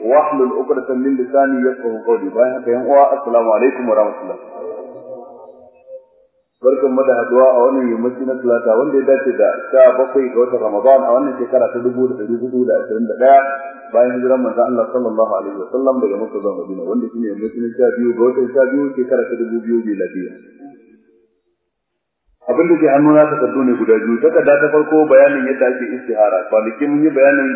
واحلل عقدة من لساني يفقهوا قولي باي هكا السلام عليكم ورحمة الله barkan mu da haduwa a wannan yammaci na talata wanda ya dace da sha bakwai ga watan ramadan a wannan shekara ta dubu da ɗari hudu da ashirin da ɗaya bayan hijiran manzo Allah sallallahu alaihi wa sallam daga Makka zuwa Madina wanda shine yammaci na sha biyu ga watan sha biyu shekara ta dubu biyu da lafiya. abin da ke hannuna takardu ne guda biyu kadda ta farko bayanin yadda ake istihara kwanakin mun yi bayanin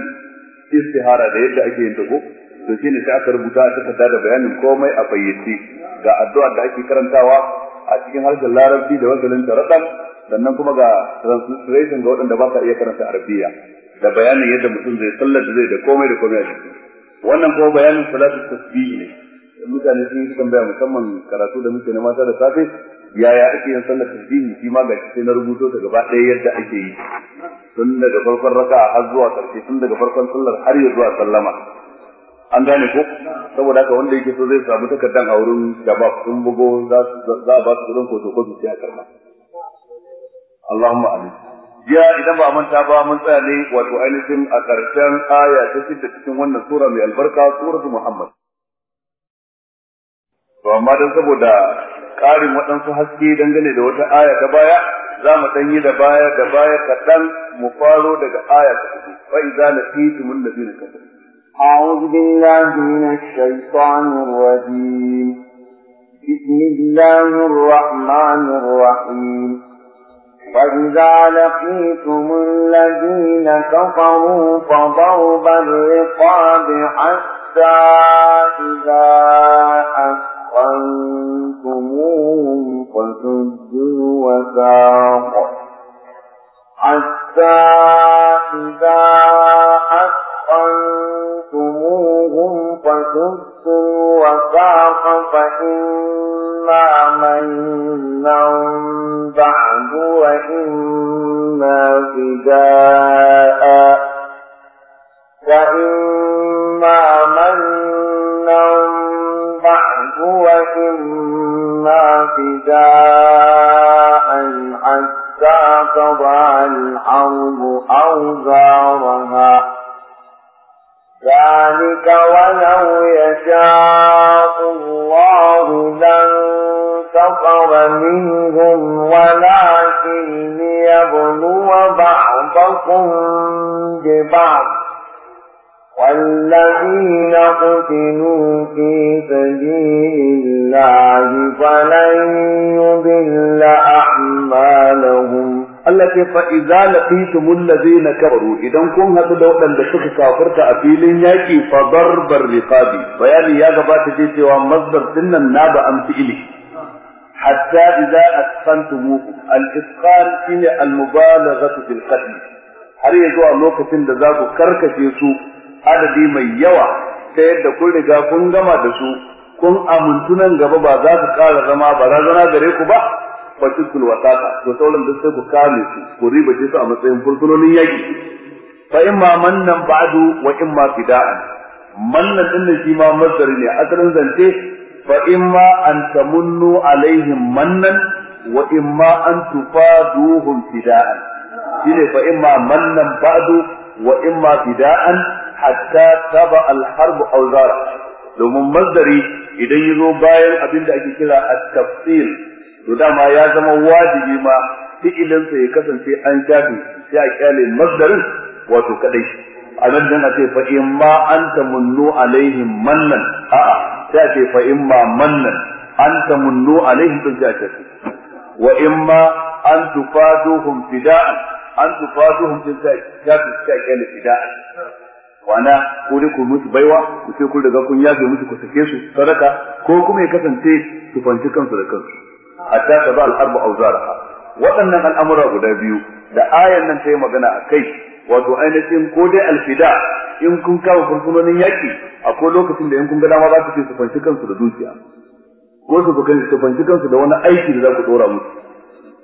istihara da yadda ake yin ta ko to shine sai aka rubuta a takarda da bayanin komai a fayyace ga addu'a da ake karantawa a cikin harshen larabci da wasalin tarakan sannan kuma ga translation ga waɗanda ba sa iya karanta arabiya da bayanin yadda mutum zai sallar da zai da komai da komai a ciki wannan kuma bayanin salatu tasbih ne mutane sun yi tambaya musamman karatu da muke na mata da safe yaya ake yin sallar tasbihi shi ma ga sai na rubuto ta gaba ɗaya yadda ake yi tun daga farkon raka har zuwa ƙarshe tun daga farkon sallar har ya zuwa sallama an gane ko saboda haka wanda yake so zai samu takardan a wurin gaba sun bugo za a ba su wurin koto ko su sai a karɓa Allahumma amin jiya idan ba manta ba mun tsaya ne wato ainihin a ƙarshen aya ta cikin wannan sura mai albarka suratu Muhammad to amma dan saboda ƙarin waɗansu haske dangane da wata aya ta baya za mu ɗan yi da baya da baya kaɗan mu faro daga aya ta hudu fa idza laqitumun ladina kafaru أعوذ بالله من الشيطان الرجيم بسم الله الرحمن الرحيم فإذا لقيتم الذين كفروا فضرب الرقاب حتى إذا أسلموا أحقنتموهم فسدوا وثاق حتى إذا أحقنتموهم فسدوا وثاق فإما منا بعد وإما فداق الأرض أوزارها ذلك ولو يشاء الله لانتصر منهم ولكن ليبلو بعضكم ببعض idza laqitumul ladina kafaru idan kun hadu da waɗanda suka kafirta a filin yaki fa darbar riqabi bayani ya gabata je cewa masdar dinnan na ba amsi ili hatta idza asqantumuhu al isqan shine al mubalaghatu fil qatl har ya zuwa lokacin da za ku karkace su adadi mai yawa ta yadda kun riga kun gama da su kun amintu nan gaba ba za ku ƙara zama barazana gare ku ba fasikul wasata to sauran duk sai ku kame su ku riba su a matsayin fursunonin yaki fa imma mannan ba'du wa imma fida'an mannan din ne shi ma masdari ne asalin zance fa imma an tamunnu alaihim mannan wa in ma an tufaduhum fida'an shine fa imma mannan ba'du wa in imma fida'an hatta taba al-harb aw zara domin masdari idan yazo bayan abin da ake kira at-tafsil to dama ya zama wajibi ma fi'ilinsa ya kasance an shafi sai a kyale masdarin wato kadai a nan dan ace fa in ma anta munnu alaihim mannan a'a sai ace fa in ma mannan anta munnu alaihim din sai wa in ma an tufaduhum fida'an an tufaduhum din sai a sai a kyale fida'an wana ko dai ku musu baiwa ku sai ku riga kun yafe musu ku sake su sadaka ko kuma ya kasance su fanci kansu da kansu A ta ba al'arba waɗannan al'amura guda biyu da ayan nan ta yi magana a kai wato ainihin ko dai alfida in kun kama fursunonin yaƙi akwai lokacin da in kun ga dama za ku ce su fanci kansu da dukiya ko su su fanci kansu da wani aiki da za ku ɗora musu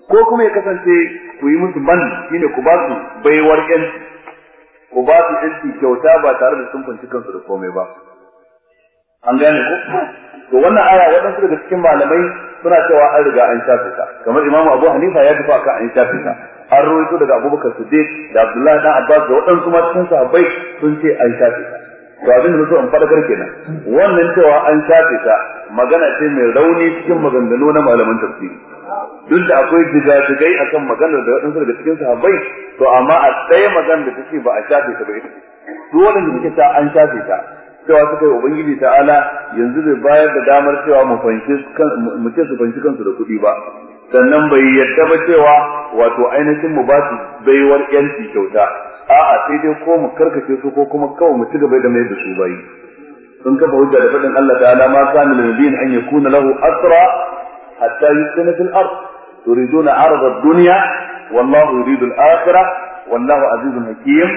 ko kuma ya kasance ku yi musu man shine ku ba su baiwar yanci ku ba su yanci kyauta ba tare da sun fanci kansu da komai ba an gane ko to wannan aya waɗansu daga cikin malamai suna cewa an riga an shafe ta kamar imamu abu hanifa ya tafi aka an shafe ta an rawaito daga abubakar siddiq da abdullahi dan abbas da waɗansu ma cikin sahabbai sun ce an shafe ta to abin da mutum fadakar kenan wannan cewa an shafe ta magana ce mai rauni cikin maganganu na malaman tafsiri duk da akwai jigajigai akan maganar da waɗansu daga cikin sahabbai to amma a ɗaya maganar da take ba a shafe ta ba ita duk waɗanda suke ta an shafe ta cewa suka yi ubangiji ta'ala yanzu bai bayar da damar cewa mu ce su fanshi kansu da kuɗi ba sannan bai yadda ba cewa wato ainihin mu ba su baiwar yanci kyauta a'a sai dai ko mu karkace su ko kuma kawai mu ci gaba da mai da su sun kafa hujja da faɗin Allah ta'ala ma kana lil nabiyyin an yakuna lahu asra hatta yusina fil ard turiduna na ad duniya, wallahu yuridu al wallahu azizun hakim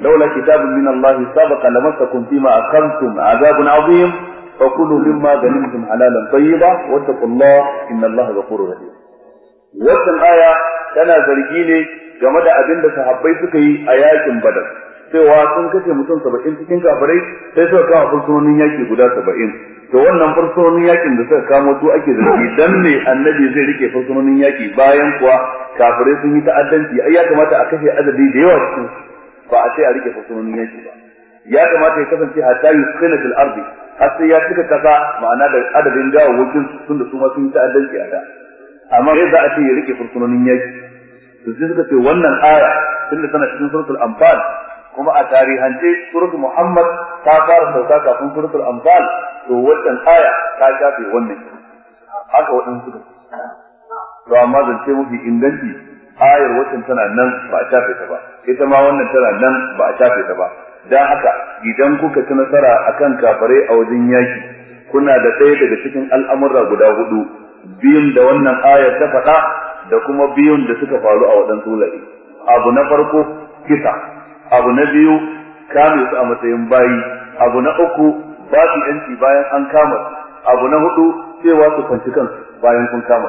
لولا كتاب من الله سبق لمسكم فيما أخذتم عذاب عظيم فكلوا مما غنمتم حلالا طيبا واتقوا الله إن الله غفور رحيم wannan aya tana zargi ne game da abin da sahabbai suka yi a yakin badar cewa sun kashe mutum saba'in cikin kafirai sai suka kama fursunonin yaki guda saba'in to wannan fursunonin yakin da suka kama su ake zargi dan ne annabi zai rike fursunonin yaki bayan kuwa kafirai sun yi ta'addanci ai ya kamata a kashe adadi da yawa ba a ce a rike fasunan yanki ba ya kamata ya kasance hatta yuskina fil ardi har sai ya cika kasa ma'ana da adadin dawo wajen sun da su ma sun yi ta'addanci a da amma sai za a ce ya rike fursunonin yaki to sai suka ce wannan aya tun da tana cikin suratul anfal kuma a tarihance suratul muhammad ta fara sauka kafin suratul anfal to wannan aya ta shafe wannan haka waɗansu suka to amma zance mafi inganci ayar wacin tana nan ba a shafe ta ba ita ma wannan tana nan ba a shafe ta ba dan haka idan kuka ci nasara akan kafare a wajen yaki kuna da ɗaya daga cikin al'amura guda hudu biyun da wannan ayar ta faɗa da kuma biyun da suka faru a waɗansu wurare abu na farko kisa abu na biyu kame su a matsayin bayi abu na uku ba su yanci bayan an kama abu na hudu cewa su kwanci kansu bayan kun kama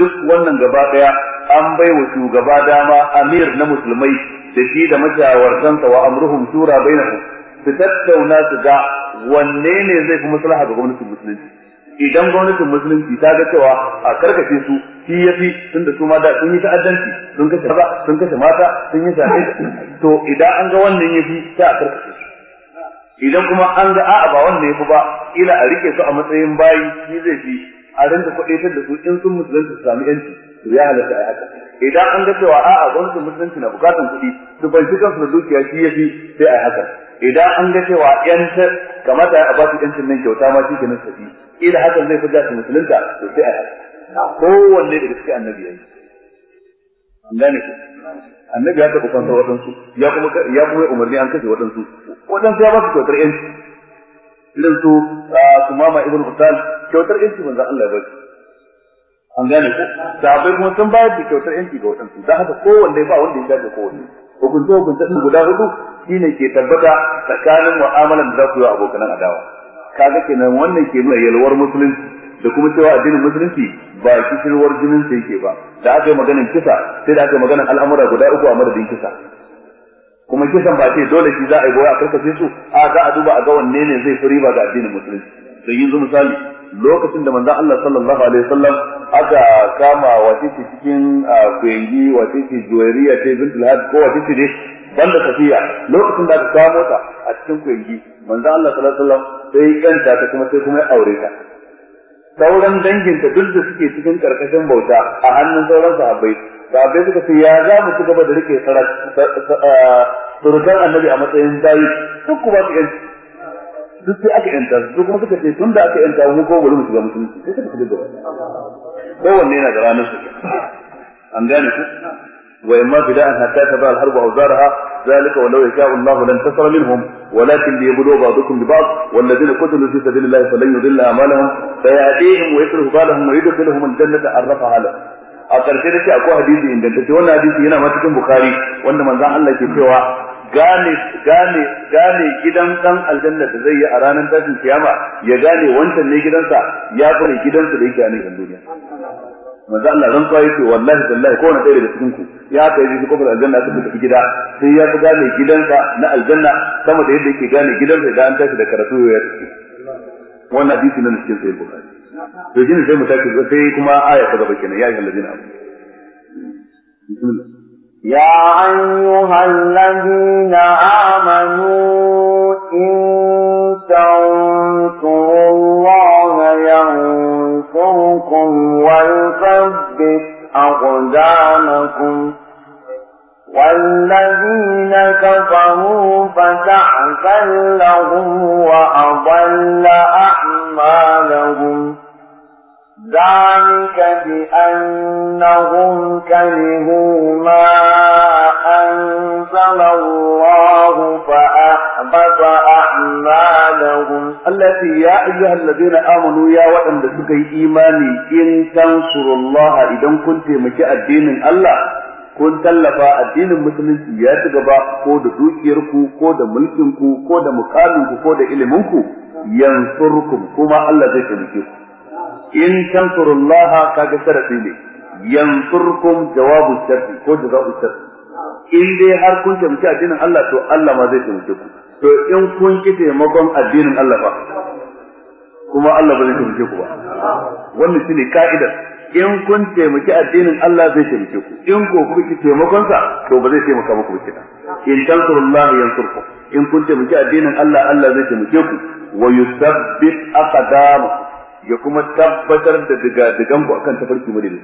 duk wannan gaba ɗaya an bai wa shugaba dama amir na musulmai da shi da mashawartansa wa amruhum shura bainahum su tattauna su ga wanne ne zai fi maslaha ga gwamnatin musulunci idan gwamnatin musulunci ta ga cewa a karkace su shi ya tun tunda su ma da sun yi ta'addanci sun kashe ba sun kashe mata sun yi shafe to idan an ga wannan ya fi, sai a karkace su idan kuma an ga a'a ba wannan ya fi ba ila a rike su a matsayin bayi shi zai fi a rinka kuɗe da su in sun musulunci su sami yanci to ya halatta ai haka idan an ga cewa a'a gwamnatin musulunci na bukatan kuɗi su banci kansu da dukiya shi ya fi sai ai haka idan an ga cewa yan kamata a ba su yancin nan kyauta ma shi kenan tafi idan hakan zai fi da musulunta to sai ai haka kowanne daga cikin annabi yayi an gane shi annabi ya taɓa kwanta waɗansu ya kuma ya kuma umarni an kashe waɗansu waɗansu ya ba su kyautar yanci irin su ah, su mama ibn Hussal kyautar yanci manzon Allah ya ba su an gane ku sahabbai kuma sun bayar da kyautar yanki ga waɗansu don haka kowanne ba wanda ya gaje kowanne hukunce hukunce sun guda hudu shine ke tabbata tsakanin mu'amalan da za ku yi abokan adawa kaga kenan wannan ke nuna yalwar musulunci da kuma cewa addinin musulunci ba kishirwar jinin sa yake ba da aka yi maganin kisa sai da aka yi maganin al'amura guda uku a madadin kisa kuma kisan ba ce dole shi za a yi goya a karkace su a za a duba a ga wanne ne zai fi riba ga addinin musulunci don yanzu misali lokacin da manzon Allah sallallahu alaihi wasallam aka kama wace ce cikin kwengi wace ce juwariya ce bintul had ko wace ce dai banda safiya lokacin da aka kama ta a cikin kwengi manzon Allah sallallahu alaihi wasallam sai kanta ta kuma sai kuma ya aure ta sauran danginta duk da suke cikin karkashin bauta a hannun sauran sahabbai abai suka ce ya za mu ci gaba da rike surukan annabi a matsayin bayi duk kuma su yanci duk sai aka yanta su kuma suka ce tun da aka yanta mu ko bari mu shiga musulunci sai suka shiga gaba kowanne yana da ranar su an gane ku wa imma bida'an hatta taba al-harbu wa law yasha'u Allah lan tasara minhum walakin liyabdu ba'dukum bi ba'd wal wa yusrifu balahum wa a ƙarshe da shi akwai hadisi ingantacce wannan hadisi yana ma cikin bukari wanda manzon Allah ke cewa gane gane gane gidan dan aljanna da zai yi a ranar dajin kiyama ya gane wancan ne gidansa ya fara gidansa da yake a nan duniya manzo Allah ran kai ce wallahi billahi ko na dare da cikin ku ya kai ji kofar aljanna aka tafi gida sai ya ga gane gidansa na aljanna sama da yadda yake gane gidansa da an tashi da karatu ya tafi wannan hadisi nan cikin sahih bukhari to jini sai mu tafi sai kuma aya ta gaba kenan ya yi ladina amanu bismillah يا أيها الذين آمنوا إن تنصروا الله ينصركم ويثبت أقدامكم والذين كفروا فتعسا لهم وأضل أعمالهم ذلك بأنهم كرهوا ما أنزل الله فأحبط أعمالهم التي يا أيها الذين آمنوا يا وأن لسكي إيماني إن تنصروا الله إذا كنت مجاء الدين الله kun tallafa addinin musulunci ya ci gaba ko da dukiyarku ko da mulkinku ko da mukaminku ko da iliminku yansurkum kuma Allah zai taimake ku in tansurullaha ga sharadi ne yansurkum jawabu sharri ko jawabu sharri in dai har kun taimaki addinin Allah to Allah ma zai taimake ku to in kun ki taimakon addinin Allah ba kuma Allah ba zai taimake ku ba wannan shine ka'idar in kun taimaki addinin Allah zai taimake ku in ko kuka ki taimakon sa to ba zai taimaka muku ba kina in tansurullaha yansurkum in kun taimaki addinin Allah Allah zai taimake ku wa yusabbit aqdamu ya kuma tabbatar da diga-digan ku akan tafarki madadin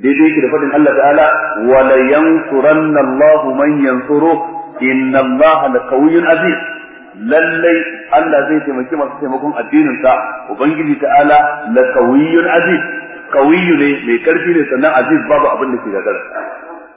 daidai yake da faɗin Allah ta'ala wa la yansuranna Allahu man yansuru inna la laqawiyyun aziz lallai Allah zai taimaki masu taimakon addinin sa ubangiji ta'ala laqawiyyun aziz qawiyyu ne mai karfi ne sannan aziz babu abin da ke gagara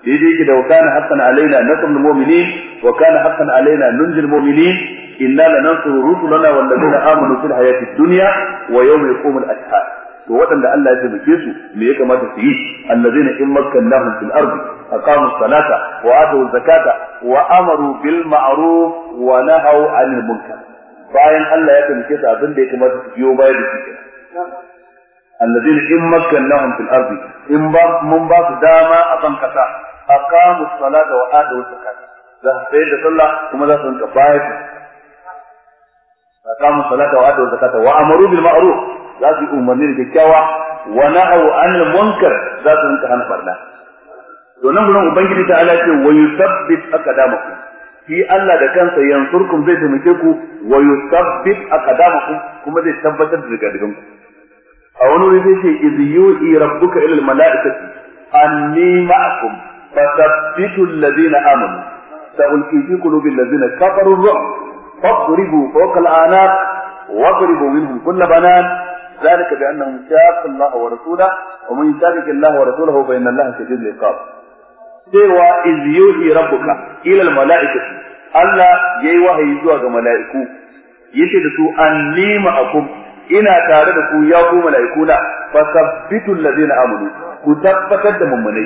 daidai yake da wa kana haqqan alaina nasrul mu'minin wa kana haqqan alaina nunjil mu'minin inna lanansuru rusulana wal ladina amanu fil hayati dunya wa yawma yaqumul ashhad to waɗanda Allah ya taimake su me ya kamata su yi allazina in makkannahum fil ardi aqamu salata wa atu zakata wa amaru bil ma'ruf wa nahaw 'anil munkar bayan Allah ya taimake su abin da ya kamata su biyo baya da shi allazina in makkannahum fil ardi in ba mun ba su dama a kan kasa aqamu salata wa atu zakata za su da sallah kuma za su rinka bayar aqamu salata wa atu zakata wa amaru bil ma'ruf za su umarni da kyakkyawa wa na'u anil munkar za su rinka hana farda. to nan gurin ubangiji ta ala ce wa yusabbit aqdamakum shi Allah da kansa yansurkum zai taimake ku wa yusabbit aqdamakum kuma zai tabbatar da rigadigan ku a wani wuri sai ce iz yu'i rabbuka ila al mala'ikati anni ma'akum fasabbitu alladhina amanu sa'ulqi fi qulubi alladhina kafaru ar-ru'b فاضربوا فوق الأعناق واضربوا منهم كل بنان ذلك بأنهم شاقوا الله ورسوله ومن يشاقق الله ورسوله فإن الله شديد العقاب سوى إذ يوحي ربك إلى الملائكة ألا يي وحي زوى ملائكو يشهد سوء أني معكم ina tare da ku ya ku mala'ikuna fa sabbitul ladina amanu ku tabbatar da mummunai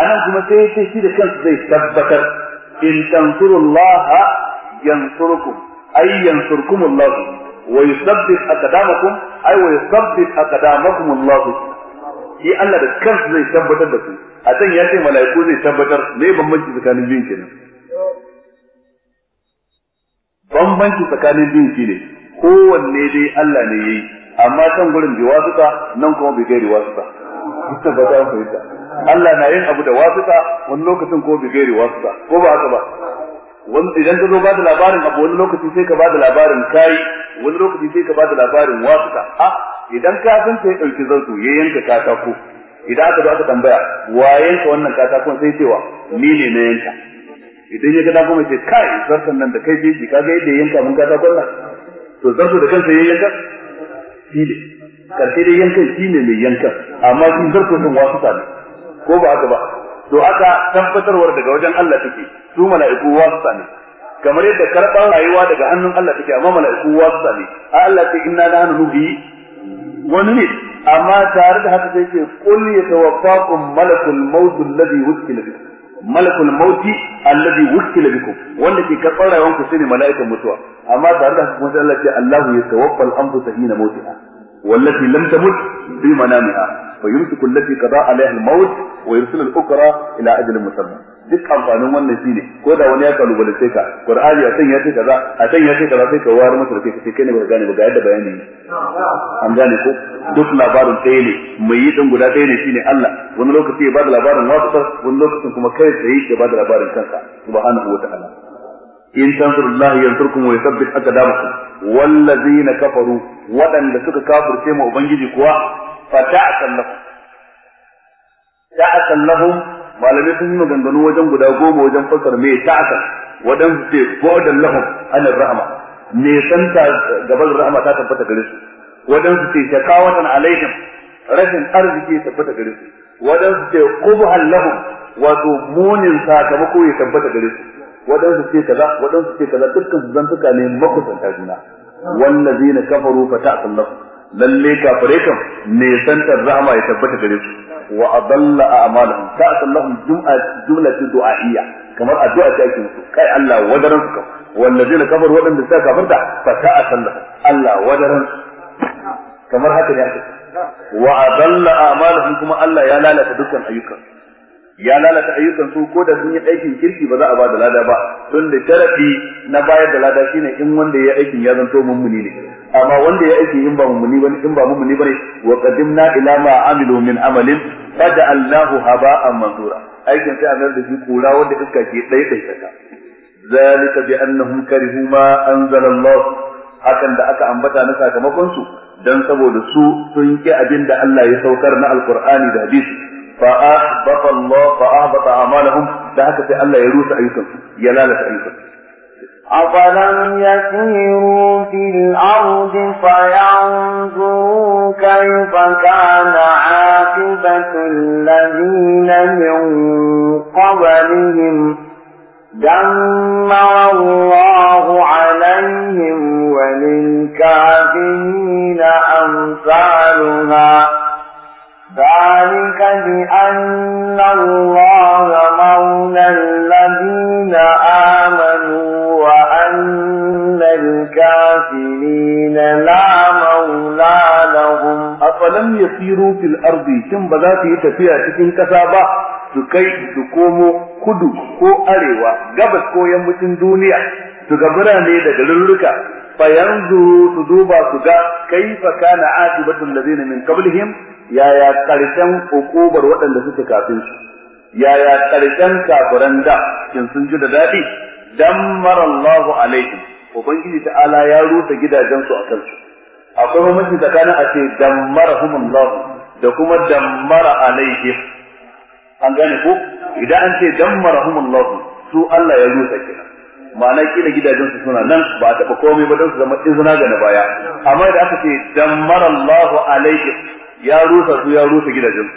anan kuma sai sai shi da kansu zai tabbatar in tansurullaha ينصركم أي ينصركم الله wa أقدامكم أي ay أقدامكم الله aqdamakum Allah shi Allah da kansa zai tabbatar da su a ليه ya ce الدين zai tabbatar سكان bambanci tsakanin هو النبي bambanci tsakanin أما shine kowanne dai Allah ne yayi amma Allah na yin abu da wasuka wani lokacin ko bi gairi ko ba haka ba wani idan ka zo ba da labarin abu wani lokaci sai ka ba da labarin kai wani lokaci sai ka ba da labarin wasuka a idan ka san sai dauki zansu ya yanka katako idan aka zo aka tambaya wa yanka wannan katakon sai cewa ni ne na yanka idan ya ga da goma ce kai zartan nan da kai je shi kaga yadda yanka mun katakon nan to zarto da kansa ya yanka shi ne karshe dai yankan shi ne mai yankan amma shi zarto sun wasuka ne ko ba haka ba to aka tabbatarwar daga wajen Allah take su mala'iku wasa ne kamar yadda karɓar rayuwa daga hannun Allah take amma mala'iku wasa ne Allah ce inna la nuhi wani ne amma tare da haka sai ce qul yatawaffakum malakul maut alladhi wukila bikum malakul maut alladhi wukila bikum wanda ke karɓar rayuwar ku shine mala'ikan mutuwa amma tare da haka kuma sai Allah ce Allahu yatawaffal anfusa hina mautiha والتي لم تمت في منامها فيمسك التي قضى عليها الموت ويرسل الاخرى الى اجل مسمى duk amfanin wannan shine ko da wani ya kalubalance ka qur'ani a san ya ce kaza a san ya ce kaza sai ka wayar masa da kai kai ne ba gane ba ga yadda bayani an gane ko duk labarin ɗaya ne mai yi din guda ɗaya ne shine Allah wani lokaci ya bada labarin wasu wani lokacin kuma kai sai ya bada labarin kansa subhanahu wa ta'ala in tansurullahi yansurkum wa yuthabbit aqdamakum wallazina kafaru wadanda suka kafirce mu ubangiji kuwa fata'atan lahum ta'atan lahum malamai sun yi gangano wajen guda goma wajen fasar me ta'ata wadan ce godan lahum anar rahma ne santa gaban rahma ta tabbata gare su wadan su ce shakawatan alaihim rashin arziki tabbata gare su wadan su ce qubhal lahum wato munin sakamako ya tabbata gare su waɗansu ce kaza waɗansu ce kaza dukkan su zantuka ne makusanta juna wallazina kafaru fa ta'tul lahum lalle kafare kan me santar rahama ya tabbata gare su wa adalla a'malahum ta'tul lahum jum'a jumlatu du'a'iyya kamar addu'a ta ake musu kai Allah wadaran su wallazina kafaru waɗanda suka kafarta fa ta'tul lahum Allah wadaran kamar haka ne aka wa adalla a'malahum kuma Allah ya lalata dukkan ayyukan ya lalata ayyukan su ko da sun yi aikin kirki ba za a ba da lada ba Tun da sharafi na bayar da lada shine in wanda ya aikin ya zanto mummuni ne amma wanda ya aikin in ba mummuni bane in ba mummuni bane wa qadimna ila ma amilu min amalin Allahu haba'an mansura aikin sai a da shi kura wanda iska ke dai dai saka zalika bi annahum karihu ma anzala Allah hakan da aka ambata na sakamakon su dan saboda su sun ki abin da Allah ya saukar na alqur'ani da hadisi فأحبط الله فأحبط أعمالهم بعد في لا يروس أيكم يلالة أيكم أفلم يسيروا في الأرض فينظروا كيف كان عاقبة الذين من قبلهم tasiru fil ardi kin ba za su yi tafiya cikin kasa ba su kai su komo kudu ko arewa gabas ko yammacin duniya su ga birane da garurruka fa yanzu su duba su ga kaifa kana aqibatul ladina min qablihim yaya karshen hukubar waɗanda suke kafin su yaya karshen kafiran da kin sun ji da dadi dammara Allahu alaihim ubangiji ta'ala ya rusa gidajensu a kansu akwai mamaci tsakanin a ce dammarahum lafi da kuma dammara alaihim an gane ku? idan an ce dammarahum lafi su Allah ya rusa kina? ma'ana kila gidajen su suna nan ba a taɓa komai ba don su zama izina ga na baya amma idan aka ce dammara Allah alaihim ya rusa su ya rusa gidajen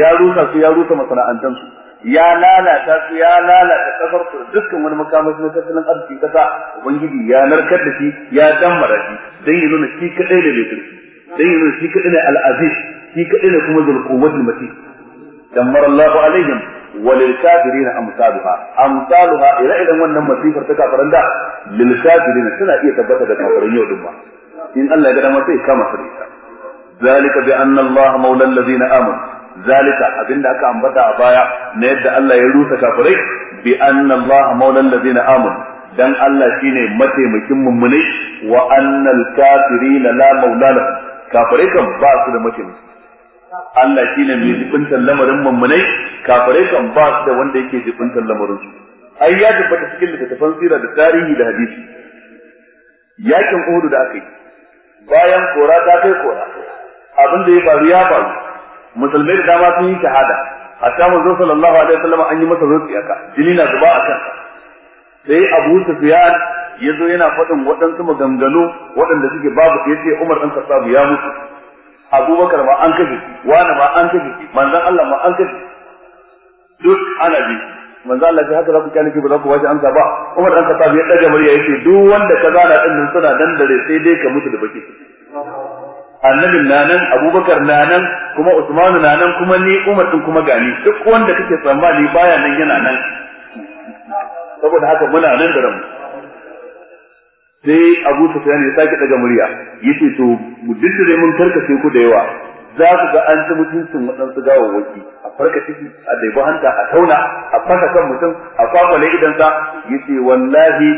ya rusa su ya rusa masana'antansu ya lalata su ya lalata kasar su dukkan wani makamashi na tattalin arziki kasa ubangiji ya narkar da shi ya dammara shi dan yi nuna shi kadai da mai sarki dan yi nuna shi kadai da al'aziz shi kadai da kuma zulkuwatul mati dammara Allahu alaihim وللكافرين امثالها امثالها الى idan wannan masifar ta kafiran da lilkafirin suna iya tabbata da kafirin yau din in Allah ya ga dama sai kama sarita zalika bi anna Allah maula alladhina amanu zalika abinda aka ambata a baya na yadda Allah ya rusa kafirai bi anna Allah maula allazina amanu dan Allah shine mataimakin mummunai wa annal kafirina la maula lahum kafirai kan ba su da mataimaki Allah shine mai jibintar lamarin mummunai kafirai kan ba su da wanda yake jibintar lamarin su ai ya tabbata cikin littafin sira da tarihi da hadisi yakin Uhud da aka yi bayan kora ta kai kora abin da ya faru ya faru musulmai da dama sun yi shahada hatta zo sallallahu alaihi wasallam an yi masa rutsi aka jini na zuba a kansa sai Abu Sufyan ya zo yana faɗin waɗansu maganganu waɗanda suke babu sai sai Umar ɗan Khattab ya mutu Abubakar ma an kashe wani ma an kashe Manzan Allah ma an kashe duk ana bi manzo Allah ya haka za ku kyale ba za ku bashi amsa ba Umar ɗan Khattab ya ɗaga murya ya ce duk wanda kaza na ɗin nan suna dandare sai dai ka mutu da baki annabin na nan abubakar na nan kuma usmanu na nan kuma ni umar din kuma gani duk wanda kake tsammani baya nan yana nan saboda haka muna nan da ramu sai abu sufyan ya sake daga murya yace to muddin mun karkace ku da yawa za ku ga an ta mutuncin waɗansu gawawwaki a farka ciki a daibu hanta a tauna a fasa kan mutum a kwakwale idansa yace wallahi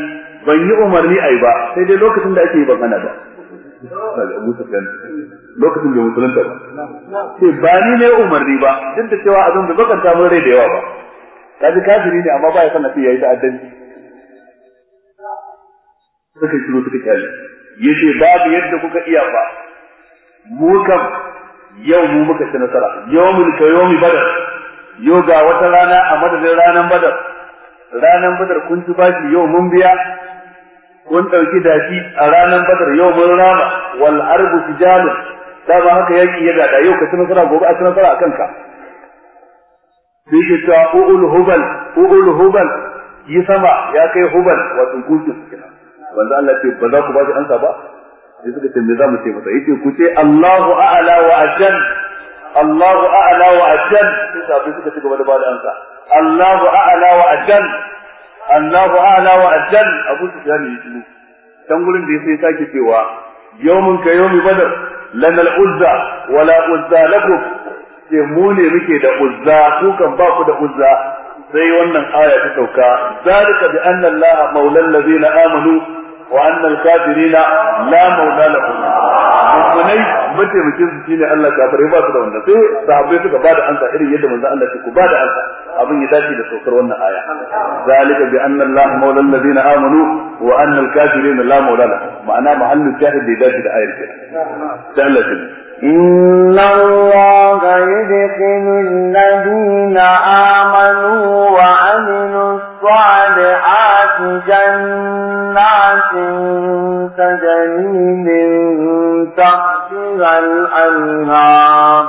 ban yi umarni ai ba sai dai lokacin da ake yi ban hana ba Abu Sufyan lokacin bai musulunta ba ce ba ni ne umarni ba duk da cewa abin bai bakanta mun rai da yawa ba kaji kafiri ne amma ba ya sanar ya yi ta'addanci suka shiru suka kyale yace babu yadda kuka iya ba mu kam yau mu muka ci nasara yawmul kayawmi badar yau ga wata rana a madadin ranar badar ranar badar kun ci bashi yau mun biya kun ɗauki dafi a ranar badar yau mun rama wal arbu tijalun da ba haka yaki ya gada yau ka ci nasara gobe a ci nasara a kanka sai ke u'ul hubal u'ul hubal yi sama ya kai hubal wato gudun kenan wanda Allah ce ba za ku ba shi ansa ba sai suka ce me za mu ce masa yace ku ce Allahu a'la wa ajal Allahu a'la wa ajal sai sabai suka ci gaba da ba da ansa Allahu a'la wa ajal Allahu a'la wa ajal Abu Sufyan ya shiru dan gurin da yake sake cewa yawmun ka yawmi badar lanal uzza wala uzza lakum ce mu ne muke da uzza ku kan ba ku da uzza sai wannan aya ta sauka zalika bi anna allaha maulal ladina amanu wa annal kafirina la maula lahum mummunai mataimakin su shine Allah kafirai ba su da wanda sai sahabbai suka ba da ansa irin yadda manzo Allah ku ba da ansa abin ya dace da saukar wannan aya zalika bi anna Allah maula alladhina amanu wa annal kafirina la maula lahum ma'ana mahallu shahid da dace da ayar kenan sai Allah ya إن الله يدخل amanu wa وعملوا الصالحات جنات تجري من تحتها الأنهار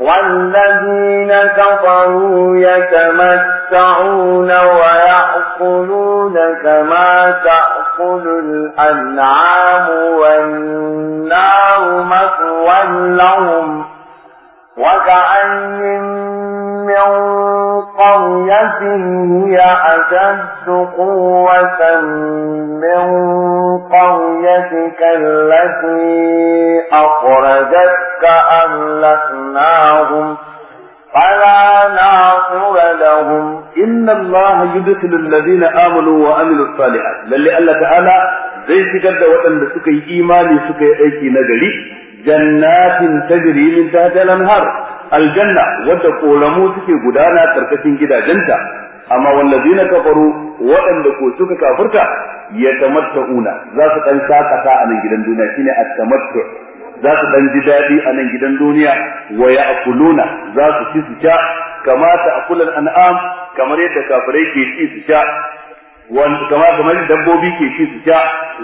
والذين كفروا يتمتعون ويأكلون كما تأكل الأنعام والنار مثوى لهم وكأين من قرية هي أشد قوة من قريتك التي أخرجتك أهلكناهم فلا ناصر لهم إن الله يدخل الذين آمنوا وعملوا الصالحات للي الله تعالى زي سجد وأن سكي إيماني سكي أيكي نجري jannatin tajri min tahtiha al-anhar aljanna wadda kolamu suke gudana karkashin gidajenta amma wallazina kafaru waɗanda ko suka kafirta ya tamatta'una za su dan sakata a nan gidan duniya shine at-tamattu za su dan ji daɗi a nan gidan duniya wa ya'kuluna za su ci su sha kama ta'kulul an'am kamar yadda kafirai ke ci su sha kama kamar dabbobi ke ci su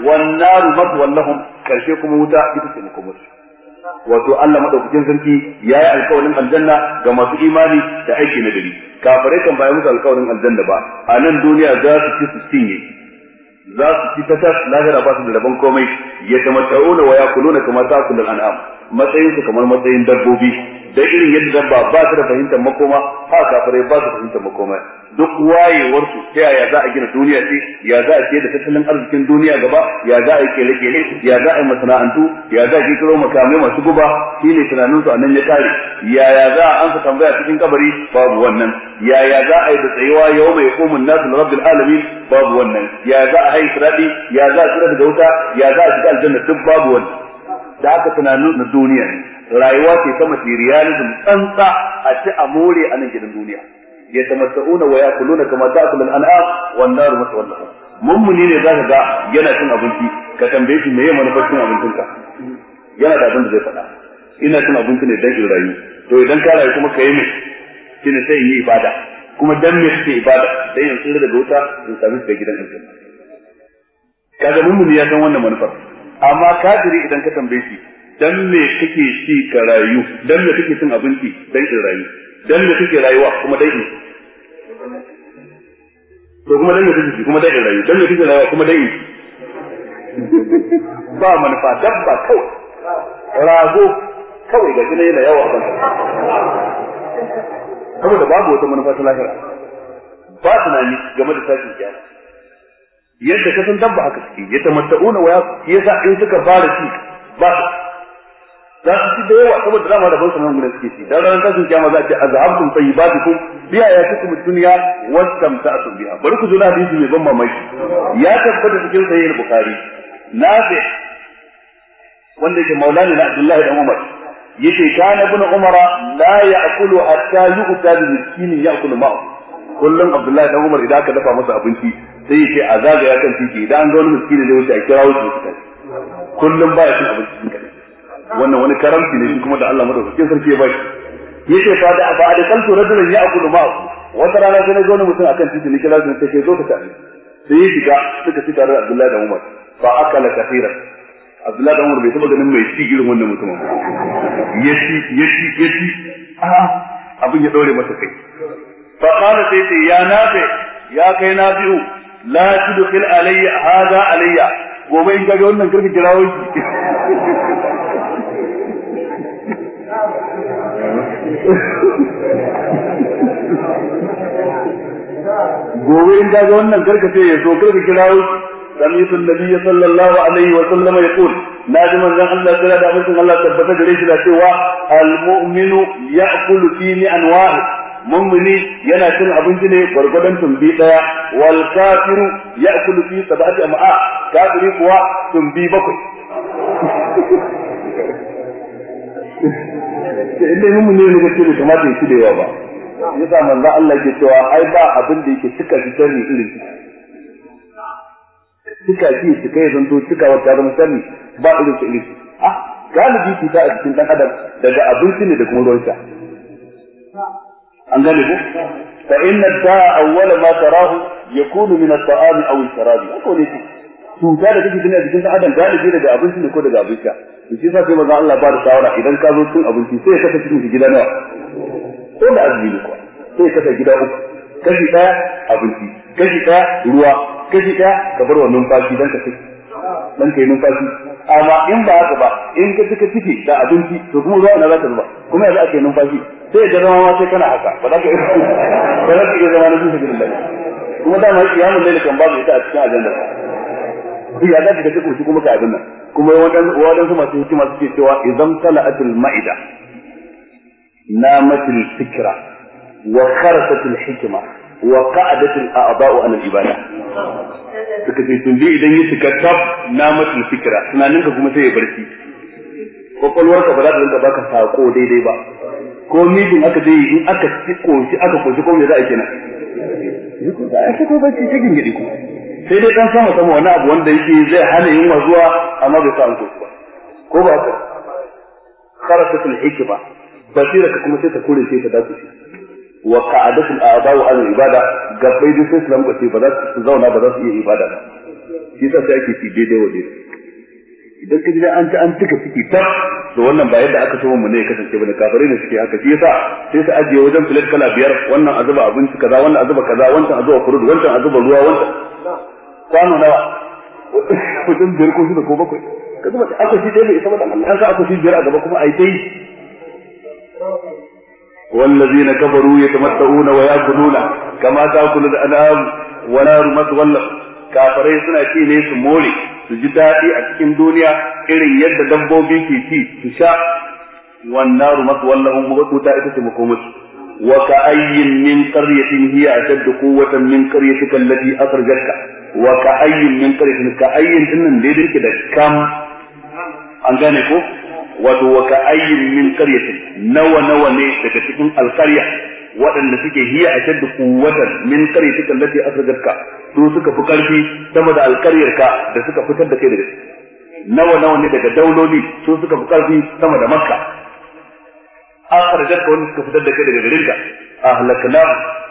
naru karshe kuma wuta ita ce wato Allah madaukakin sarki ya yi alƙawarin aljanna ga masu imani da aiki na gari kafare kan bayan musu alƙawarin aljanna ba a nan duniya za su ci su cinye za su ci ta tas lahira ba su da rabon komai ya tamata'una wa yakuluna kama ta'kulul an'am matsayin su kamar matsayin dabbobi da irin yadda dabba ba su da fahimtar makoma ha kafirai ba su fahimtar makoma duk wayewar su ta yaya za a gina duniya ce ya za a da tattalin arzikin duniya gaba ya za a yi kele-kele ya za a yi masana'antu ya za a kirkiro makamai masu guba shine tunanin su a nan ya kare yaya za a ansa tambaya cikin kabari babu wannan yaya za a yi da tsayuwa yau mai komun nasu na rabbil alamin babu wannan ya za a haifi raɗi ya za a tsira daga wuta ya za a shiga aljanna duk babu wannan da aka tunanin na duniya ne rayuwa ce ta materialism tsantsa a ci a more a nan gidan duniya ya tamatta'una wa yakuluna kama ta'kulu al-an'am wan nar mutawallahu mummuni ne zaka ga yana cin abinci ka tambaye shi meye manufar cin ka. yana da abin da zai faɗa ina cin abinci ne dan in rayu to idan ka rayu kuma ka yi mai shine sai yi ibada kuma dan me suke ibada dan in tsira daga wuta in sami su gidan aljanna kaga mummuni ya san wannan manufar amma kafiri idan ka tambaye shi dan me kake ci ka rayu dan me kake cin abinci dan in rayu dan me kake rayuwa kuma dan in to kuma dan me kake ci kuma dan in rayu dan me kake rayuwa kuma dan in ba manufa dabba kawai rago kawai ga gina yana yawa ban saboda babu wata manufa ta lahira ba tunani game da tashin kiyama yadda ka san dabba haka suke yadda matta'una waya yasa in suka fara ci ba za su ci da yawa saboda dama da bansa nan gudan suke ci da ranar tashin kiyama za a ce azhabtum tayyibatikum biya ya duniya tukum dunya wastamta'tum biya, bari ku jira hadisi mai ban mamaki ya tabbata cikin sahih al-bukhari fi wanda yake maulana na abdullahi dan umar yace kana ibn umar la ya'kulu hatta yu'ta bi miskinin ya'kulu ma'ahu kullum abdullahi dan umar idan aka dafa masa abinci sai yace a ya kan titi idan an ga wani miskini zai wuce a kirawo shi kullum baya cin abinci cikin wannan wani karamci ne kuma da Allah madaukakin sarki ya bashi yace fa da aba da kalto rajulan ya'kulu ma'ahu wata rana sai na ga wani mutum akan titi ne kira sun take zo ka tafi sai ya shiga suka ci tare da Abdullahi da Umar fa akala kathira Abdullahi da Umar bai taba ganin mai ci girin wannan mutumin ya ci ya ci ya ci abin ya dore masa kai fa kana sai sai ya nafi ya kai nafi'u la tudkhil alayya hada alayya gobe in ga wannan karfi kirawo gobe in ga wannan karkace ya so karka kira wuce dan yi sun nabi sallallahu alaihi wa sallam ya kun na ji manzon Allah kira da mutum Allah tabbata gare shi da cewa almuminu mu'minu ya'kulu fi ni'an wahid mu'mini yana cin abinci ne gurgurdan tumbi daya wal kafiru ya'kulu fi sab'ati am'a kafiri kuwa tumbi bakwai to inda mun mun ne gaske bai kamata ya da yawa ba yasa manzo Allah yake cewa ai ba abin da yake cika sharri irin cika shi cika zan zanto cika wata zama sharri ba irin shi irin ah galibi cuta a cikin dan adam daga abinci ne da kuma ruwan sha an gane ko fa inna da'a awwala ma tarahu yakunu min at-ta'ami aw ash-sharabi ko ne cuta da kake gani a jikin adam galibi daga abinci ne ko daga abinci sha to shi yasa sai maza Allah ba da shawara idan ka zo cin abinci sai ya kasa cikin gida nawa ko da azumi ko sai ya kasa gida uku kashi daya abinci kashi daya ruwa kashi daya ka bar wa numfashi dan ka ci dan kai numfashi amma in ba haka ba in ka cika ciki da abinci to kuma za ina za ka zuba kuma yanzu ake numfashi sai ya zama ma sai kana haka ba za ka yi ba za ka iya zama na zuwa gidan kuma dama kiyamun lalle kan ba ita a cikin ajandar ya da ka kace kurshi kuma ka abin nan kuma waɗansu masu hikima suke cewa idan tala'atul ma'ida namatul fikra wa kharasatul hikma wa qa'adatul a'da'u an al-ibada suka ce tun idan yi suka tab namatul fikra tunaninka kuma sai ya barci kwakwalwarka ba za ta rinka baka sako daidai ba ko mijin aka je in aka ko aka koshi ko me za a kenan ko ba ci cikin gidi ko. sai dai dan sama sama wani abu wanda yake zai hana yin zuwa amma bai sa an ba ko ba haka kharasatul ba. basira ka kuma sai ta kore sai ta dace shi wa qa'adatul a'da'u al ibada gabbai duk sai islam ce ba za su zauna ba za su iya ibada ba shi yasa sai ake ci daidai wa daidai idan ka ji an ta an tuka ciki ta to wannan ba yadda aka so mu ne ya kasance ba da kafirai ne suke haka shi yasa sai su ajiye wajen filet kala biyar wannan a zuba abinci kaza wannan a zuba kaza wancan a zuba furud wancan a zuba ruwa wancan kwano nawa wajen biyar ko shida ko bakwai ka zuba ta akwashi ɗaya bai isa ba dan an sa akwashi biyar a gaba kuma a yi ta yi والذين كفروا يتمتعون ويأكلون كما تأكل الأنعام ونار مثوى لهم kafirai suna ci ne su more su ji daɗi a cikin duniya irin yadda dabbobi ke ci su sha wannan rumat wallahu mabatuta ita ce makomasu وكأي من قرية هي أشد قوة من قريتك التي أخرجتك وكأي من قرية كأي إن ليدك كم أنجانكو wato wa ka ayyin min qaryatin nawa nawa ne daga cikin alqarya waɗanda suke hiya a shaddu quwwatan min qaryatika allati asrajatka to suka fi karfi sama da alqaryarka da suka fitar da kai daga nawa nawa ne daga dauloli to suka fi karfi sama da makka akhrajatka wanda suka fitar da kai daga garin ka ahlakna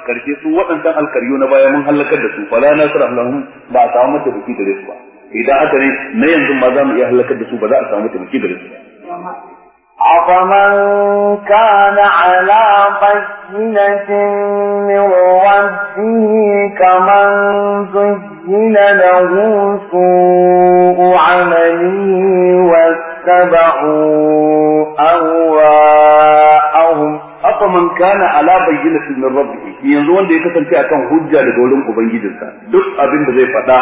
karshe su waɗannan alkaryu na baya mun halakar da su fala nasra lahum ba a samu mata biki da su ba idan aka ne na yanzu ma za mu iya halakar da su ba za a samu mata biki da su ba أفمن كان على بينة من ربه كمن زين له سوء عمله واتبعوا أهواءه afaman kana ala bayyinatin min rabbih yanzu wanda ya kasance akan hujja daga wurin ubangijinsa duk abin da zai faɗa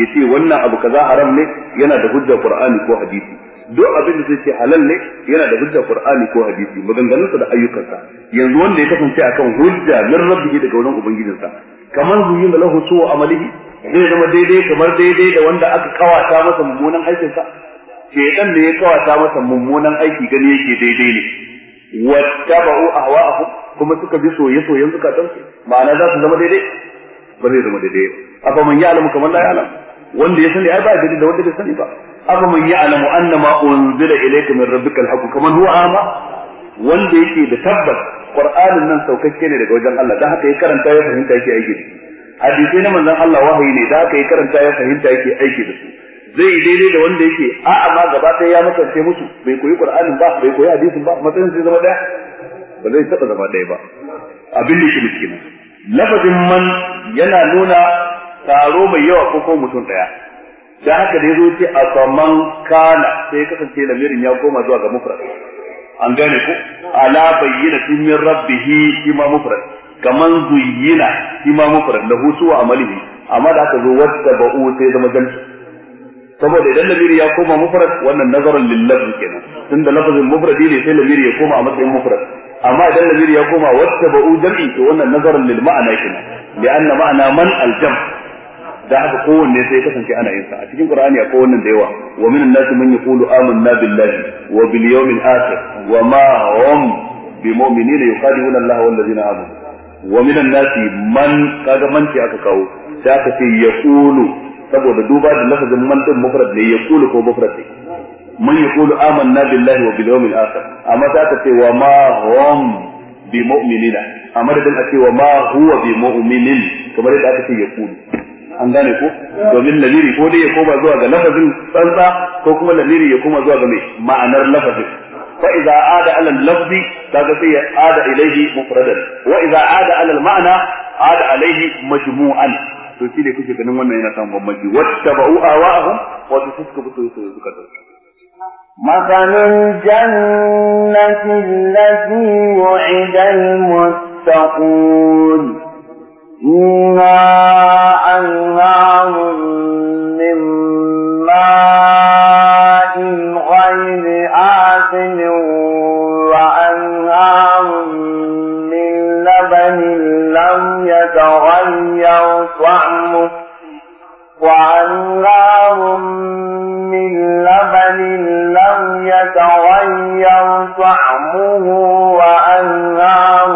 ya ce wannan abu kaza haram ne yana da hujja qur'ani ko hadisi duk abin da zai ce halal ne yana da hujja qur'ani ko hadisi maganganunsa da ayyukansa yanzu wanda ya kasance akan hujja min rabbih daga wurin ubangijinsa kamar zuyina lahu su'u amalihi zai zama daidai kamar daidai da wanda aka kawata masa mummunan aikinsa shedan ne ya kawata masa mummunan aiki gani yake daidai ne wattaba'u ahwa'ahum kuma suka bi soye-soyen zukatansu ma'ana za su zama daidai ba zai zama daidai ba afa man ya'lamu kamar la ya'lam wanda ya sani ai ba daidai da wanda bai sani ba afa man ya'lamu annama unzila ilayka min rabbika al-haqq kaman huwa ama wanda yake da tabbas qur'anin nan saukakke ne daga wajen Allah dan haka ya karanta ya fahimta yake aiki da hadisi na manzon Allah wahayi ne da haka ya karanta ya fahimta yake aiki da su zai daidai da wanda yake a'a ma gaba ɗaya ya makance musu bai koyi qur'anin ba bai koyi hadisin ba matsayin zai zama ɗaya. ba zai taɓa zama ɗaya ba abin da shi miskina lafazin man yana nuna taro mai yawa ko ko mutum ɗaya. dan haka da yazo ce saman kana sai kasance mirin ya koma zuwa ga mufrad an gane ko ala bayyina min rabbih ima mufrad kaman zuyyina ima mufrad lahu suwa amalihi amma da aka zo wadda ba'u sai zama jalsa saboda idan lamiri ya koma mufrad wannan nazarin lillahi kenan tunda lafazin mufradi ne sai lamiri ya koma a matsayin mufrad amma idan lamiri ya koma wata ba'u jam'i to wannan nazarin lil ma'ana kenan li'anna ma'ana man aljam da haka kowanne sai kasance ana yin sa a cikin qur'ani akwai wannan da yawa wa minan nasi man yaqulu amanna billahi wa bil yawmil akhir wa ma hum bimu'minina yuqatiluna Allah wal ladina amanu wa minan nasi man kaga man ce aka kawo da aka ce yaqulu saboda duba da lafazin man din mufrad ne ya kulu ko mufrad ne man ya kulu amanna billahi wa bil yawmil akhir amma ta ta ce wa ma hum bi mu'minina amma da a ce wa ma huwa bi mu'minin kamar yadda aka ce ya kulu an gane ko domin lamiri ko dai ya koma zuwa ga lafazin tsantsa ko kuma lamiri ya koma zuwa ga mai ma'anar lafazin فإذا عاد على اللفظ كذا عاد إليه مفردا ada عاد على المعنى عاد عليه مجموعا to shi ne kuke ganin wannan yana samun bambanci wattaba'u awa'ahum wato su suka fito su suka dauka مثل الجنة التي وعد المتقون فيها أنهار من ماء غير آثم وأنهار يتغير طعمه وأنهار من لبن لم يتغير طعمه وأنهار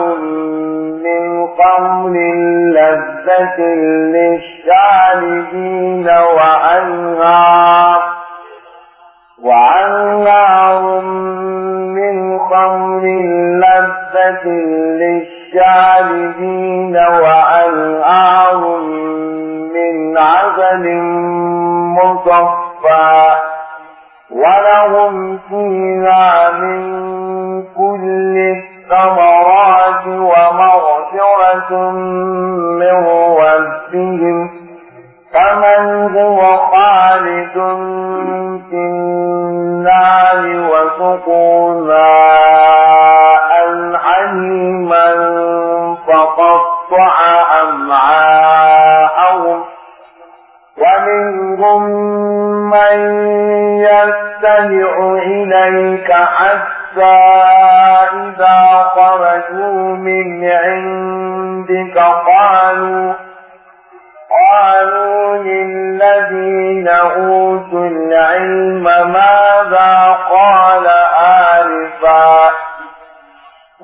من قول لذة للشاربين وأنهار وأنهار من خمر لذة للشاربين وأنهار لبن مصفى ولهم فيها من كل الثمرات ومغفرة من ربهم فمن هو خالد في النار وسقوا فقالوا قالوا للذين أوتوا العلم ماذا قال آلفا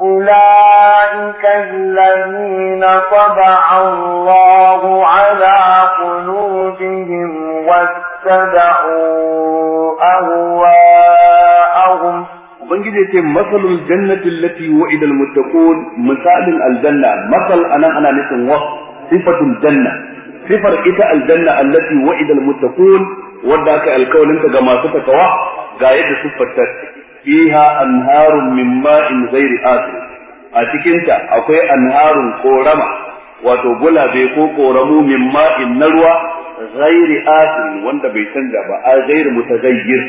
أولئك الذين طبع الله على قلوبهم واتبعوا ubangiji ce, masalul jannati allati wa'ida almuttaqun misalin aljanna masal anan ana nufin wa sifatul janna sifar ita aljanna allati wa'ida almuttaqun wadda aka alkawalin ta ga masu takawa ga yadda sifatta fiha anharun min ma'in ghairi asin a cikin ta akwai anharun korama wato gulabe ko koramu min ma'in na ruwa ghairi asin wanda bai canja ba a ghairi mutaghayyir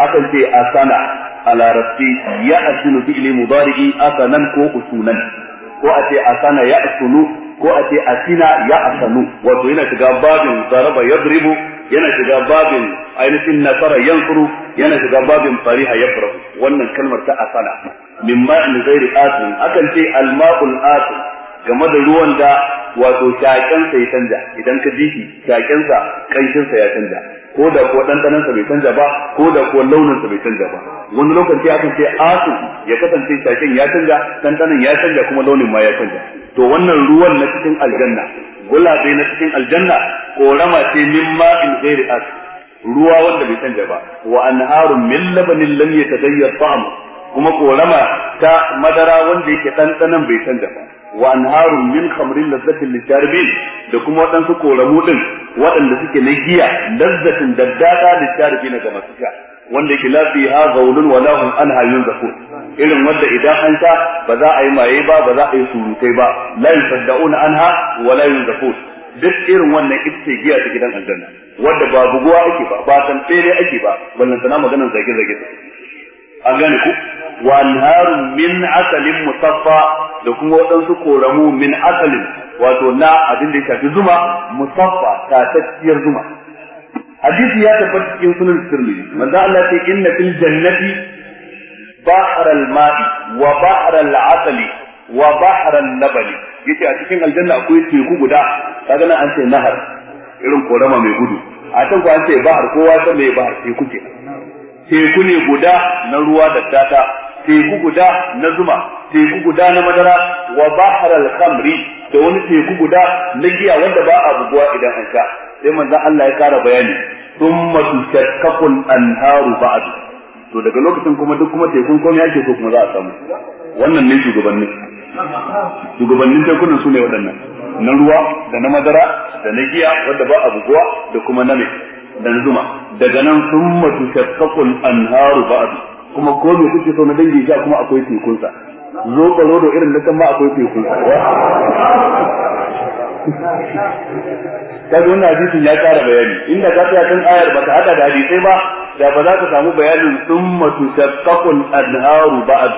akan ce asana a larabci ya asunu fi'li bariki asanan ko usunan ko a ce asana ya asunu ko a ce asina ya asanu wato yana shiga babin zaraba yadribu yana shiga babin ainihin nasara ya yansuru yana shiga babin fariha yafrahu wannan kalmar ta asana min ma'in ghairi asin akan ce al-ma'ul asin game da ruwan da wato shaƙensa ya canja idan ka ji shi shaƙensa ƙanshinsa ya canja ko da ko ɗanɗanansa bai canja ba ko da ko launinsa bai canja ba wani lokaci akan ce asu ya kasance shaƙen ya canja ɗanɗanan ya canja kuma launin ma ya canja to wannan ruwan na cikin aljanna gulabe na cikin aljanna korama ce min ma'in ghairi as ruwa wanda bai canja ba wa anharun min labanin lam yatagayyar ta'am kuma korama ta madara wanda yake ɗanɗanan bai canja ba wa anharun min khamrin lazzatin lisharibin da kuma waɗansu koramu din waɗanda suke na giya lazzatin daddada na ga masu sha wanda yake la fiha zawlun wa lahum anha irin wanda idan an sha ba za a yi maye ba ba za a yi surutai ba la yusaddauna anha wa la yunzafun duk irin wannan ita giya ta gidan aljanna wanda ba buguwa ake ba ba tan tsere ba wannan tana maganar zage zage an gane ku wa min asalin musaffa da kuma waɗansu koramu min asalin wato na abin da ya shafi zuma musaffa ta tafiyar zuma hadisi ya tabbata cikin sunan tirmidhi manzo Allah ce inna fil jannati bahr al ma'i wa bahr al asali wa bahr al labani yace a cikin aljanna akwai teku guda kaga nan an ce nahar irin korama mai gudu a can ko an ce bahar kowa san mai bahar teku ke. teku ne guda na ruwa da tata teku guda na zuma teku guda na madara wa bahar al-khamri da wani teku guda na giya wanda ba a buguwa idan an sha sai manzo Allah ya kara bayani thumma tushakkaku al-anharu ba'd to daga lokacin kuma duk kuma tekun komai yake so kuma za a samu wannan ne shugabanni shugabannin tekunan su ne waɗannan na ruwa da na madara da na giya wanda ba a buguwa da kuma na mai da zuma daga nan thumma tushakkaku al-anharu ba'adu. kuma ko me kuke so na dangi ja kuma akwai tekun sa zo kalo da irin da kan ma akwai tekun sa kaga wannan hadisin ya kara bayani inda ka tsaya kan ayar ba ta hada da hadisai ba da ba za ka samu bayanin summa tushaqqaqul anharu ba'd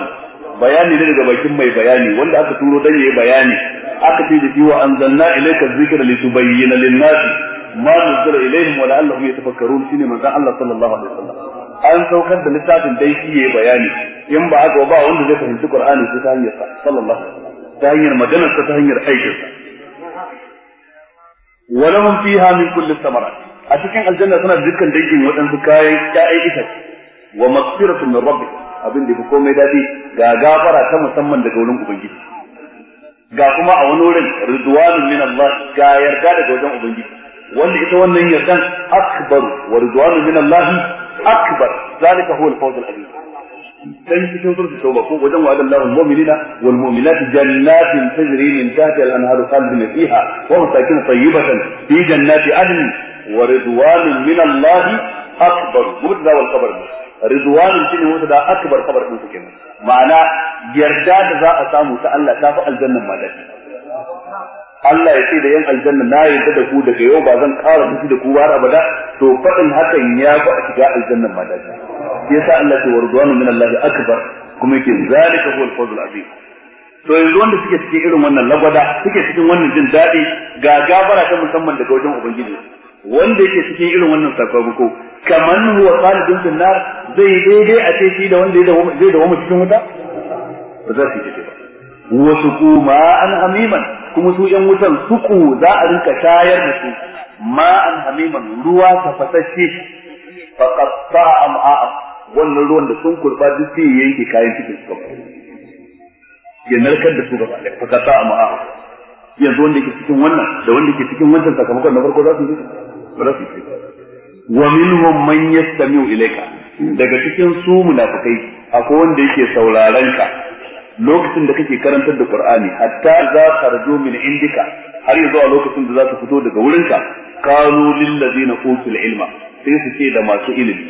bayani ne daga bakin mai bayani wanda aka turo dan yayi bayani aka ce da shi wa anzalna ilayka dhikra litubayyana lin-nasi ma nuzila ilayhim wa la'allahum yatafakkarun shine manzon Allah sallallahu alaihi wasallam an saukar da littafin dai shi yayi bayani in ba haka ba wanda zai fahimci Qur'ani sai ta hanyar sa sallallahu alaihi wasallam ta hanyar maganar sa ta hanyar aikin sa walahum fiha min kulli thamarat a cikin aljanna suna da dukkan dangin waɗansu kayan ƴaƴan itace wa maghfiratun min rabbik abin da komai dadi ga gafara ta musamman daga wurin ubangiji ga kuma a wani wurin ridwanun min Allah ga yarda daga wajen ubangiji wanda ita wannan yardan akbaru wa ridwanun min Allah أكبر ذلك هو الفوز الأبيض تجد شوطر في الشوبة فوق وجمع أدم الله المؤمنين والمؤمنات جنات تجري من تهت الأنهار خالدين فيها وهم ساكن طيبة في جنات عدن ورضوان من الله أكبر مبت ذا والقبر رضوان من هو ذا أكبر خبر في سكين معناه جرداد ذا أسامه تألى تافع الجنة ما ذاك Allah ya ce da yin aljanna na yarda da ku daga yau ba zan ƙara fushi da ku ba har abada to faɗin hakan ya ba a shiga aljanna ma da shi sa Allah ce warzuwanu min Allah akbar kuma yake zalika huwa al-fawzul azim to yanzu wanda suke cikin irin wannan lagwada suke cikin wannan jin daɗi ga gabara ta musamman daga wajen ubangiji wanda yake cikin irin wannan sakamako kaman huwa qalidun fil nar zai daidai a ce shi da wanda zai dawo cikin wuta ba za su yi ba wa ma ma'an hamiman kuma su yan wutan suku za a rinka shayar da su ma'an hamiman ruwa tafasasshe fa qatta am'a wannan ruwan da sun kurba duk sai yanke kayan cikin su ya narkar da su gaba ɗaya fa qatta am'a yanzu wanda ke cikin wannan da wanda ke cikin wancan sakamakon na farko za su yi ba za su yi wa minhum man yastami'u ilayka daga cikin su munafikai akwai wanda yake sauraron ka lokacin da kake karantar da Qur'ani hatta za farjo min indika har yanzu a lokacin da za ka fito daga wurinka qalu lil ladina utul ilma sai su ce da masu ilimi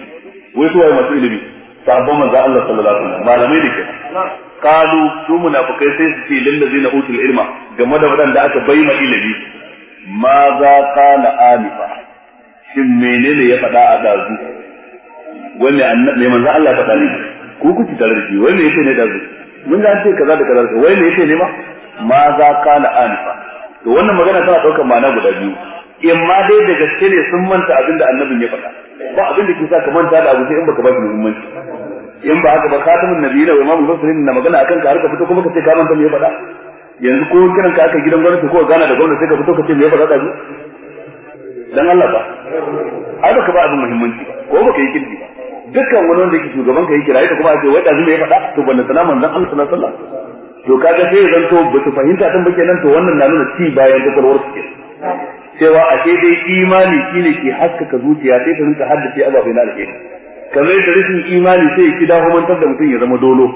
wai su waye masu ilimi sabon manzo Allah sallallahu alaihi wasallam malamai da ke qalu su munafikai sai su ce lil ladina utul ilma game da wadanda aka bayyana ilimi ma za qala anifa shin menene ya faɗa a dazu wani annabi manzo Allah faɗa ne ku kuke tare da shi wanda yake ne dazu mun ga an ce kaza da kaza wai me yake nema ma za kana anfa to wannan magana tana daukar ma'ana guda biyu in ma dai da gaske ne sun manta abin da annabin ya faɗa ba abin da ke sa ka manta da abu sai in baka ba shi muhimmanci in ba haka ba khatamun nabiyina wa imamul mursalin na magana akan ka har ka fito kuma ka ce ka manta me ya faɗa yanzu ko kiran ka aka gidan gwamnati ko gana da gwamnati sai ka fito ka ce me ya faɗa da dan Allah ba ai baka ba abin muhimmanci ba ko baka yi kirki ba dukkan wani wanda yake shugaban ka yi kiraye ta kuma a ce wai ɗazu ya faɗa to ballan sana manzon Allah sallallahu alaihi wasallam to kaga sai zan to ba su fahimta tun bake nan to wannan na nuna ci bayan kwakwalwar su ke cewa a ce dai imani shine ke haskaka zuciya sai ta rinka haddace ababe na alheri kamar da rashin imani sai ya kida humantar da mutum ya zama dolo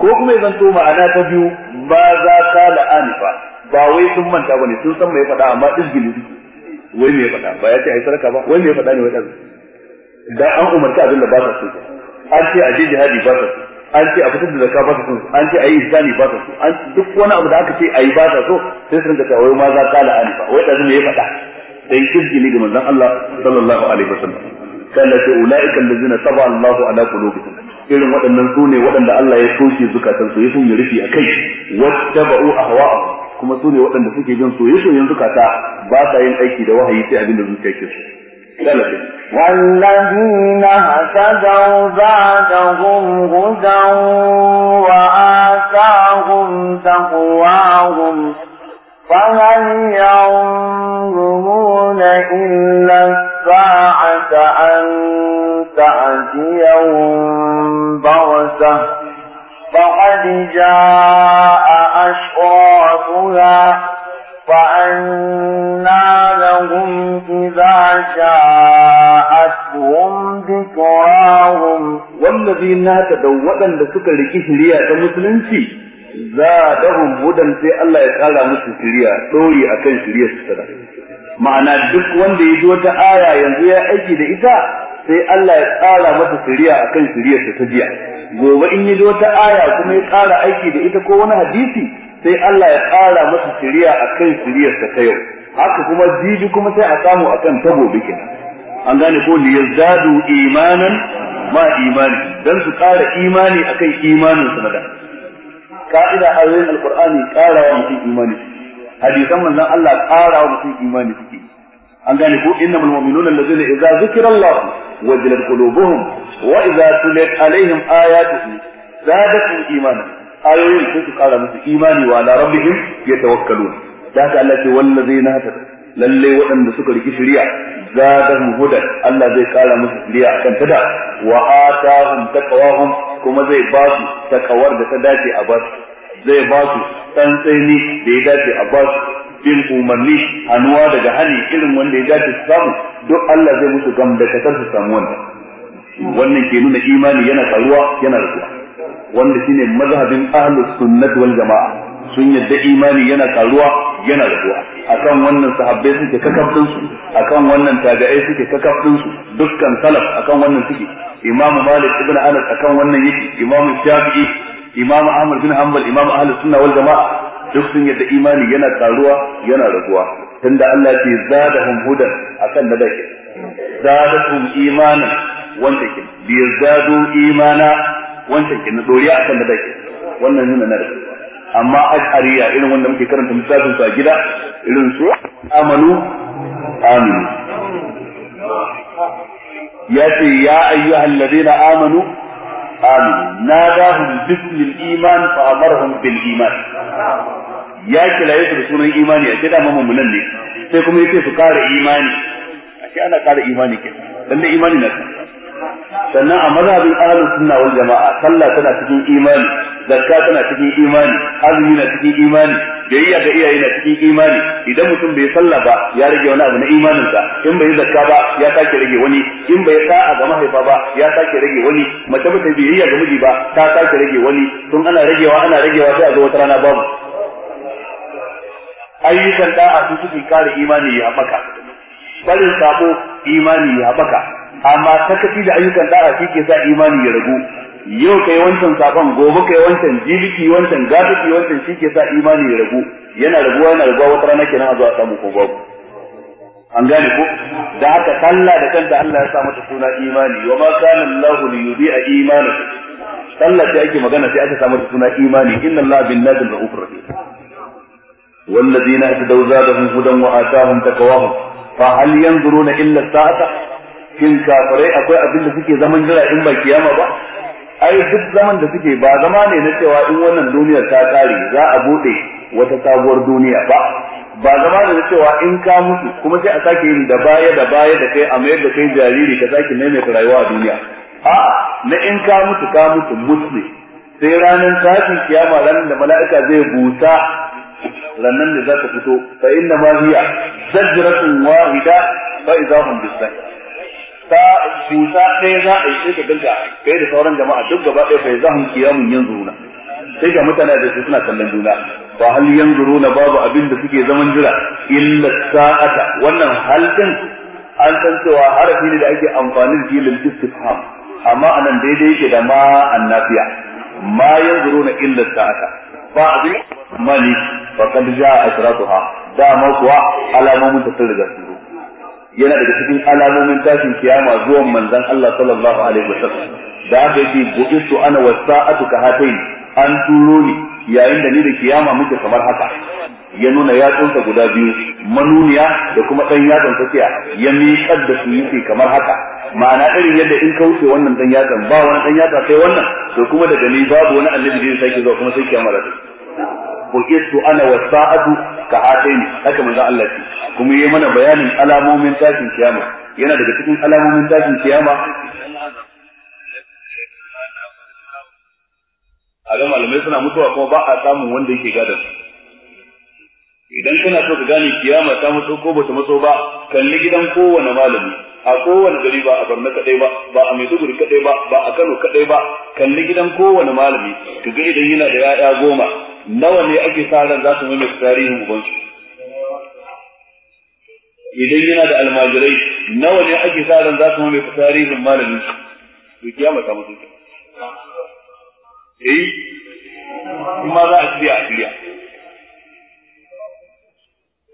ko kuma ya zanto ma'ana ta biyu ba za ka la'ani ba ba wai sun manta bane sun san mai faɗa amma ɗin gili wai mai faɗa ba ya ce ai sarka ba wai mai faɗa ne wai ɗan da an umarci abin da ba sa so an ce a je jihadi ba sa so an ce a fitar da zakka ba sa so an ce a yi ihsani ba sa so an duk wani abu da aka ce a yi ba sa so sai sun ga cewa ma za ka la'ani ba wai da zai ya faɗa dan kirgini ga manzon Allah sallallahu alaihi wasallam kana ce ulaika allazina taba Allahu ala qulubihim irin waɗannan su ne waɗanda Allah ya toshe zukatan su ya sun yi rufi a kai wattaba'u ahwa'ahum kuma su ne waɗanda suke jin soyayyen zukata ba sa yin aiki da wahayi sai abin da zuciya ke so والذين اهتدوا زادهم هدى وآتاهم تقواهم فهل ينظرون إلا الساعة أن تأتيهم بغتة فقد جاء أشراطها فأنا لهم إذا جاءتهم ذكراهم والذين هتدوا ta لسكر لكهرية المسلمين zadahum hudan sai Allah ya kara musu shiriya dori akan shiriyar su sada ma'ana duk wanda ya ji wata aya yanzu ya aiki da ita sai Allah ya kara masa shiriya akan shiriyar ta jiya gobe in yi wata aya kuma ya ƙara aiki da ita ko wani hadisi sai Allah ya ƙara masa shiriya akan shiriyar ta ta yau haka kuma jibi kuma sai a samu akan ta gobe kenan an gane ko li yazdadu imanan ma imani dan su ƙara imani akan imanin su na da ka'ida ayoyin alqur'ani ƙara wa mutum imani hadisan manzon Allah ƙara wa mutum imani suke an gane ko innamal mu'minuna allazina idza zukira Allah wajilat qulubuhum wa idza tuliyat alaihim ayatuhu zadatuhum imanan ayoyin sai su kara musu imani wa ala rabbihim yatawakkalun da haka Allah ce wallazina hata lalle waɗanda suka riki shari'a mu huda Allah zai kara musu shari'a kan tada wa atahum taqwahum kuma zai ba su takawar da ta dace a ba su zai ba su tsaini da ya dace a ba su bin umarni hannuwa daga hani irin wanda ya dace su samu duk Allah zai musu gamdakatar su samu wannan wannan ke nuna imani yana karuwa yana raguwa wanda shine mazhabin ahlus sunnah wal jamaa sun yadda imani yana karuwa yana rabuwa akan wannan sahabbai suke kakafin su akan wannan tabi'ai suke kakafin su dukkan salaf akan wannan suke imam malik ibn anas akan wannan yake imam shafi'i imam ahmad bin hanbal imam ahlus sunna wal jamaa duk sun yadda imani yana karuwa yana rabuwa tunda Allah ke zadahum hudan akan da dake zadahum imanan wanda ke bi zadu imana wancan kenan doriya akan da dake wannan nuna na rasu amma ashariya irin wanda muke karanta misalin su a gida irin su amanu amin ya ce ya ayyu na amanu amin na dahum bismil iman fa a amarhum bil iman ya kira yake da sunan imani a kida mamman munan ne sai kuma yake su kara imani a ce ana kara imani ke lalle imani na kan sannan a mazhabin ahlus sunna wal jama'a sallah tana cikin imani zakka tana cikin imani azumi na cikin imani biyayya ga iyaye na cikin imani idan mutum bai sallah ba ya rage wani abu na imanin sa in bai zakka ba ya sake rage wani in bai sa'a ga mahaifa ba ya sake rage wani mace ba biyayya ga miji ba ta sake rage wani tun ana ragewa ana ragewa sai a zo wata rana babu ayyukan da'a su suke kare imani ya haɓaka barin sabo imani ya haɓaka amma sakaci da ayyukan da'a shi ke sa imani ya ragu yau kai wancan safan, gobe kai wancan jibiki wancan gafiki wancan shi ke sa imani ya ragu yana raguwa yana raguwa wata rana kenan a zuwa samu ko babu an gane ko da haka sallah da kanta Allah ya sa mata suna imani wa ma kana Allahu li yudi'a imanakum sallah da yake magana sai aka samu suna imani inna Allah bin nasi ra'ufur rahim والذين اهتدوا زادهم هدى وآتاهم تقواهم فهل ينظرون إلا saata shin kafirai akwai abin da suke zaman jira in ba kiyama ba ai duk zaman da suke ba zama ne na cewa in wannan duniyar ta kare za a bude wata sabuwar duniya ba ba zama ne na cewa in ka mutu kuma sai a sake yin da baya da baya da kai a mayar da kai jariri ka sake maimaita rayuwa a duniya a na in ka mutu ka mutu musli sai ranar tashin kiyama ranar da mala'ika zai buta rannan da za ka fito fa inna ma hiya zajratun wahida fa idahum bisahih ta cuta ɗaya za a yi sai ka ganka kai da sauran jama'a duk gaba ɗaya fa zahum yanzu yanzuruna sai ga mutane da su suna kallon juna fa hal yanzuruna babu abin da suke zaman jira illa sa'ata wannan hal din an san cewa harafi ne da ake amfani da shi lil istifham amma anan daidai yake da ma annafiya ma yanzuruna illa sa'ata ba abin mani fa kad ja'a asratuha da ma kuwa alamomin ta sun riga yana daga cikin alamomin tashin kiyama zuwan manzon Allah sallallahu alaihi wasallam da haka yake bu'istu ana wasa'atu ka hatai an turo ni yayin da ni da kiyama muke kamar haka ya nuna yatsunsa guda biyu manuniya da kuma dan yatsun tsakiya ya miƙar da su yi kamar haka ma'ana irin yadda in ka wuce wannan dan yatsun ba wani dan yatsa sai wannan to kuma daga ni babu wani annabi da zai sake zuwa kuma sai kiyama da bu'istu ana wasa'atu ka haɗe ne haka manzo Allah ce kuma yi mana bayanin alamomin tashin kiyama yana daga cikin alamomin tashin kiyama a ga malamai suna mutuwa kuma ba a samun wanda yake gada idan kana so ka gane kiyama ta mutu ko bata mutu ba kalli gidan kowane malami a kowane gari ba a barna kadai ba ba a Maiduguri kadai ba ba a Kano kadai ba kalli gidan kowane malami ka ga idan yana da yaya goma nawa ne ake sa ran za su maimaita tarihin ubansu idan yana da almajirai nawa ne ake sa ran za su maimaita tarihin malamin su to kiyama ta mutu eh kuma za a shirya a shirya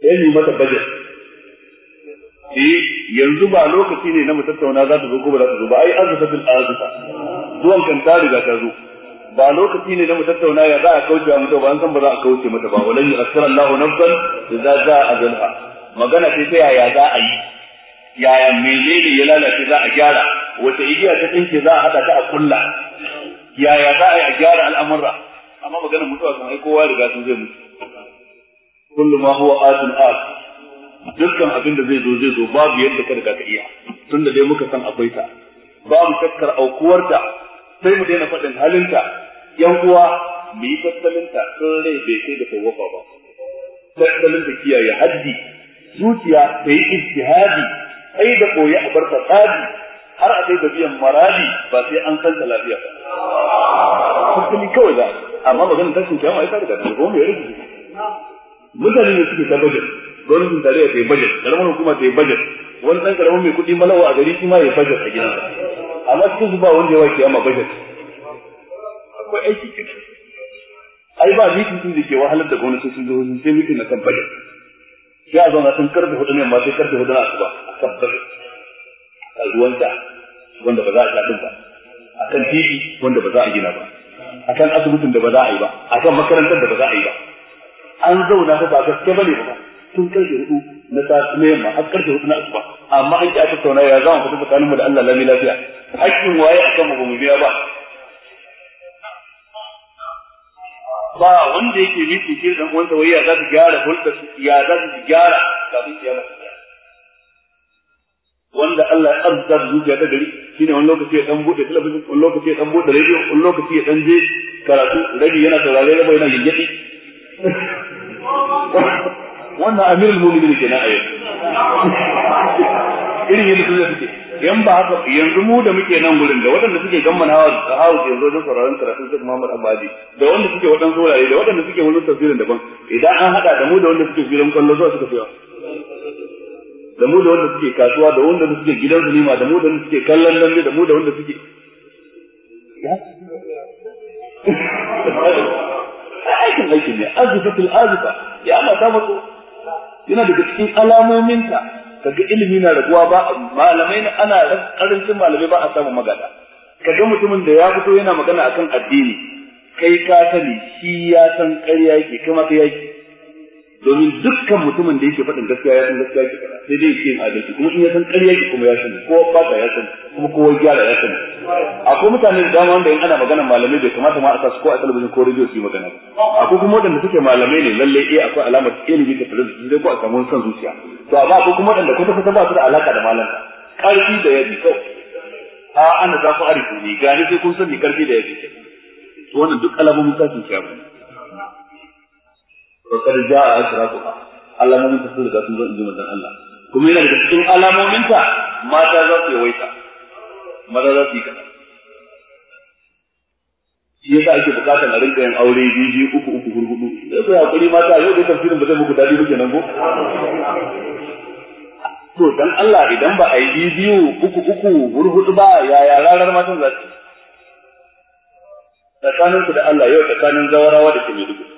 sai yi mata budget eh yanzu ba lokaci ne na mu tattauna za ta zo ko ba za ta zo ba ai azufatul azza zuwan kan ta riga ta zo ba lokaci ne da mu tattauna ya za a kauce wa mutum ba an san ba za a kauce mata ba walan yu'akhkhir Allahu nafsan za a ajalha magana ce ta yaya za a yi yaya menene ya lalace za a gyara wace igiya ta tsinke za a hada ta a kulla yaya za a yi a gyara al'amura amma magana mutuwa kan ai kowa riga sun zai mutu kullu ma huwa atun at dukkan abin da zai zo zai zo babu yadda ka riga ka iya tunda dai muka san akwai ta babu shakkar aukuwarta sai mu daina faɗin halinta yan uwa mu yi tattalin ta sun rai bai kai da tawafa ba tattalin da kiyaye haddi zuciya ta yi ijtihadi kai da koyi a barka tsari har a kai da biyan maradi ba sai an san lafiya ba tattali kawai da amma zan tashin kiyama yi tsari da nan goma ya rubuta mutane ne suke ta bajet gwamnatin tarayya ta yi bajet karamar hukuma ta yi bajet wani ɗan karamar mai kuɗi malawa a gari shi ma ya bajet a gidansa amma cikin su ba wanda ya wa kiyama bajet akwai aiki ke ai ba mitin din da ke wahalar da gwamnatocin jihohi sai mitin na kan budget sai a zauna tun karfe hudu ne amma sai karfe hudu na asuba a kan budget a ruwan wanda ba za a sha ba a kan titi wanda ba za a gina ba a kan asibitin da ba za a yi ba a kan makarantar da ba za a yi ba an zauna fa ba gaske ne ba tun karfe hudu na safi na yamma har karfe hudu na asuba amma an ki aka tauna ya zama fita tsakaninmu da Allah lami lafiya hakkin waye akan mu ba mu biya ba ba wanda yake miki cikin dan uwansa wai ya za su gyara su ya za su gyara ya kiyama wanda Allah ya arzuta zuciya ta gari shine wani lokaci ya dan bude talabijin wani lokaci ya dan bude radio wani lokaci ya dan je karatu rabi yana saurare rabi yana gingedi wannan amirul mu'minin kenan a yau irin yadda sun suke Yan ba haka yanzu mu da muke nan gurin da waɗanda suke gamman hawa hawa ke zo da sauraron karatun Sheikh Muhammad Abadi da wanda suke wadan saurare da waɗanda suke wani tafsirin daban idan an hada da mu da wanda suke filin kwallo zuwa suka fiya da mu da wanda suke kasuwa da wanda suke gidan zulima da mu da wanda suke kallon lalle da mu da wanda suke aikin aiki ne azifatul azifa ya Allah ta mutu yana daga cikin ta. kaga ilimi na raguwa ba malamai na ana karancin malamai ba a samu magada kaga mutumin da ya fito yana magana akan addini kai ka sani shi ya san ƙarya yake kai ta yake domin dukkan mutumin da yake faɗin gaskiya ya san gaskiya ke faɗa sai dai yake yin adalci kuma in ya san ƙarya ke kuma ya san ko fata ya san kuma kowa gyara ya san akwai mutane da dama wanda in ana magana malamai bai kamata ma a sa su ko a talabijin ko rediyo su yi magana ba. akwai kuma waɗanda suke malamai ne lalle eh akwai alamar ilimi ta tare da dai ko a samu son zuciya to amma akwai kuma waɗanda kwata kwata ba su da alaka da ka. ƙarfi da yaji kawai a ana za ku arifu ne gani sai kun san ni ƙarfi da to wannan duk alamomin tashin shafi ne wa kar a asrafuha alamomin ta sun riga sun zo in ji Allah kuma yana da cikin alamominta mata za su yawaita mata za su yi kaɗan shi yasa ake bukatar a rinka yin aure biyu uku uku hurhudu da ku hakuri mata yau da tafsirin ba zai muku dadi muke nan ko to dan Allah idan ba a yi biyu uku uku hurhudu ba yaya ranar matan za su tsakanin ku da Allah yau tsakanin zawarawa da ke mai dubu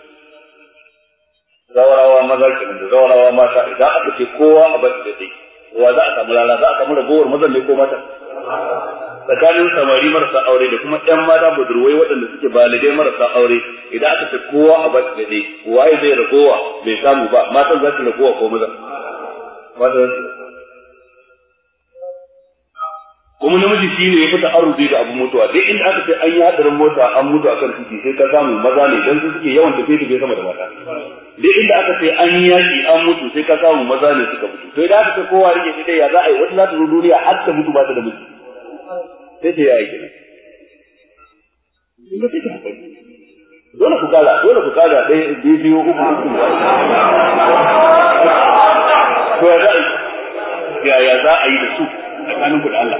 zawarawa maza kenan da zawarawa mata idan aka ce kowa a bashi da dai kowa za a samu lala za a samu ragowar mazan ne ko mata tsakanin samari marasa aure da kuma ƴan mata budurwai waɗanda suke balidai marasa aure idan aka ce kowa a bashi da dai kowa zai ragowa bai samu ba matan za su ragowa ko maza mata za su kuma namiji shi ne ya fita ta'arruzi da abu mutuwa dai inda aka ce an yi hadarin mota an mutu akan titi sai ka samu maza ne dan su suke yawan tafiye tafiye sama da mata dai inda aka ce an yi yaki an mutu sai ka samu maza ne suka mutu to idan aka ce kowa rike shi dai ya za a yi wata za ta zo duniya har ta mutu ba ta da miji sai ta yi aiki ne dole ku kala dole ku kala ɗaya biyu uku uku to ya za a yi da su tsakanin ku da Allah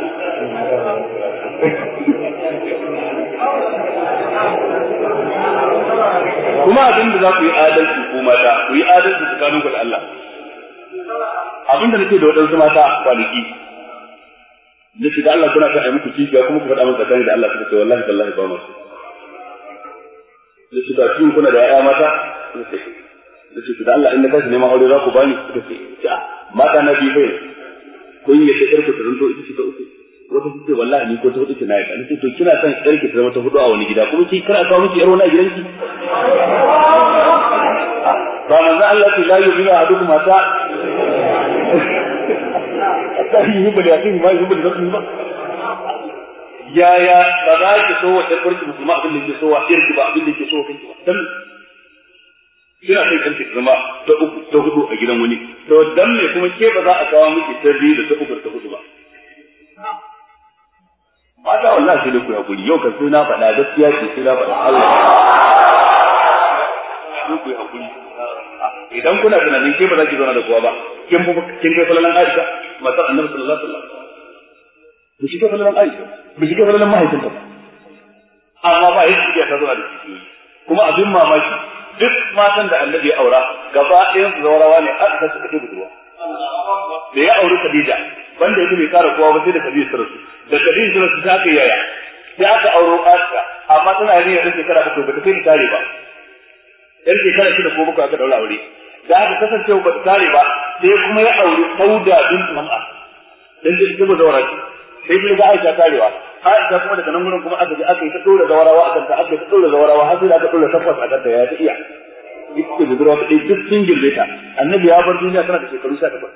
kuma abin da za ku yi adalci ku mata ku yi adalci tsakanin ku da Allah abin da nake da waɗansu mata kwanaki da shi da Allah kuna ta muku kishiya kuma ku faɗa min tsakanin da Allah suka ce wallahi tallahi ba mu da shi da shi kuna da ƴaƴa mata da shi da Allah in na tashi neman aure za ku bani suka ce mata na biyu kun yi shekar ku taranto ita ce ta uku wata ce wallahi ni ko ta hudu kina yaka nace to kina son yar ki zama ta hudu a wani gida kuma ki kira ka miki yar wani a gidanki ba za Allah ki layu a duk mata ta yi ba a yakin ba yi ba da ba yaya ba za ki so wata ɗan ƙwarki musulma abin da ke so wa irki ba abin da ke so wa kanki ba ina son kanki ta zama ta uku ta hudu a gidan wani to dan ne kuma ke ba za a kawo miki ta biyu da ta uku ta hudu ba mata wallahi sai da ku hakuri yau ka sai na faɗa gaskiya ce sai na faɗa Allah sai ku hakuri idan kuna tunanin ke ba za ki zauna da kowa ba kin ba kin kai falalan Aisha matar Annabi sallallahu alaihi wasallam ba shi kai falalan Aisha ba shi kai falalan mahaifinta ba amma ba yadda kike ta zauna da kuma abin mamaki duk matan da annabi ya aura gaba ɗayan su zaurawa ne aka ta suka kaɗe budurwa da ya auri Khadija banda yanzu mai kare kowa ba sai da Khadija sarasu. da Khadija sarasu ta kai yaya sai aka auro Aisha amma tana yin yanzu shekara bakwai ba ta kai tare ba yan shekara shida ko bakwai aka ɗaura aure da aka kasance ba ta tare ba sai kuma ya auri Sauda bin Mam'a dan da ta ba zaura ce sai kuma ga Aisha tarewa Aisha kuma daga nan gurin kuma aka ji aka yi ta dora gawarawa a kanta aka yi ta dora gawarawa har sai aka dora takwas a kanta ya ta iya ita ce budurwa ta ɗaya duk sun girbe ta annabi ya bar duniya tana da shekaru sha takwas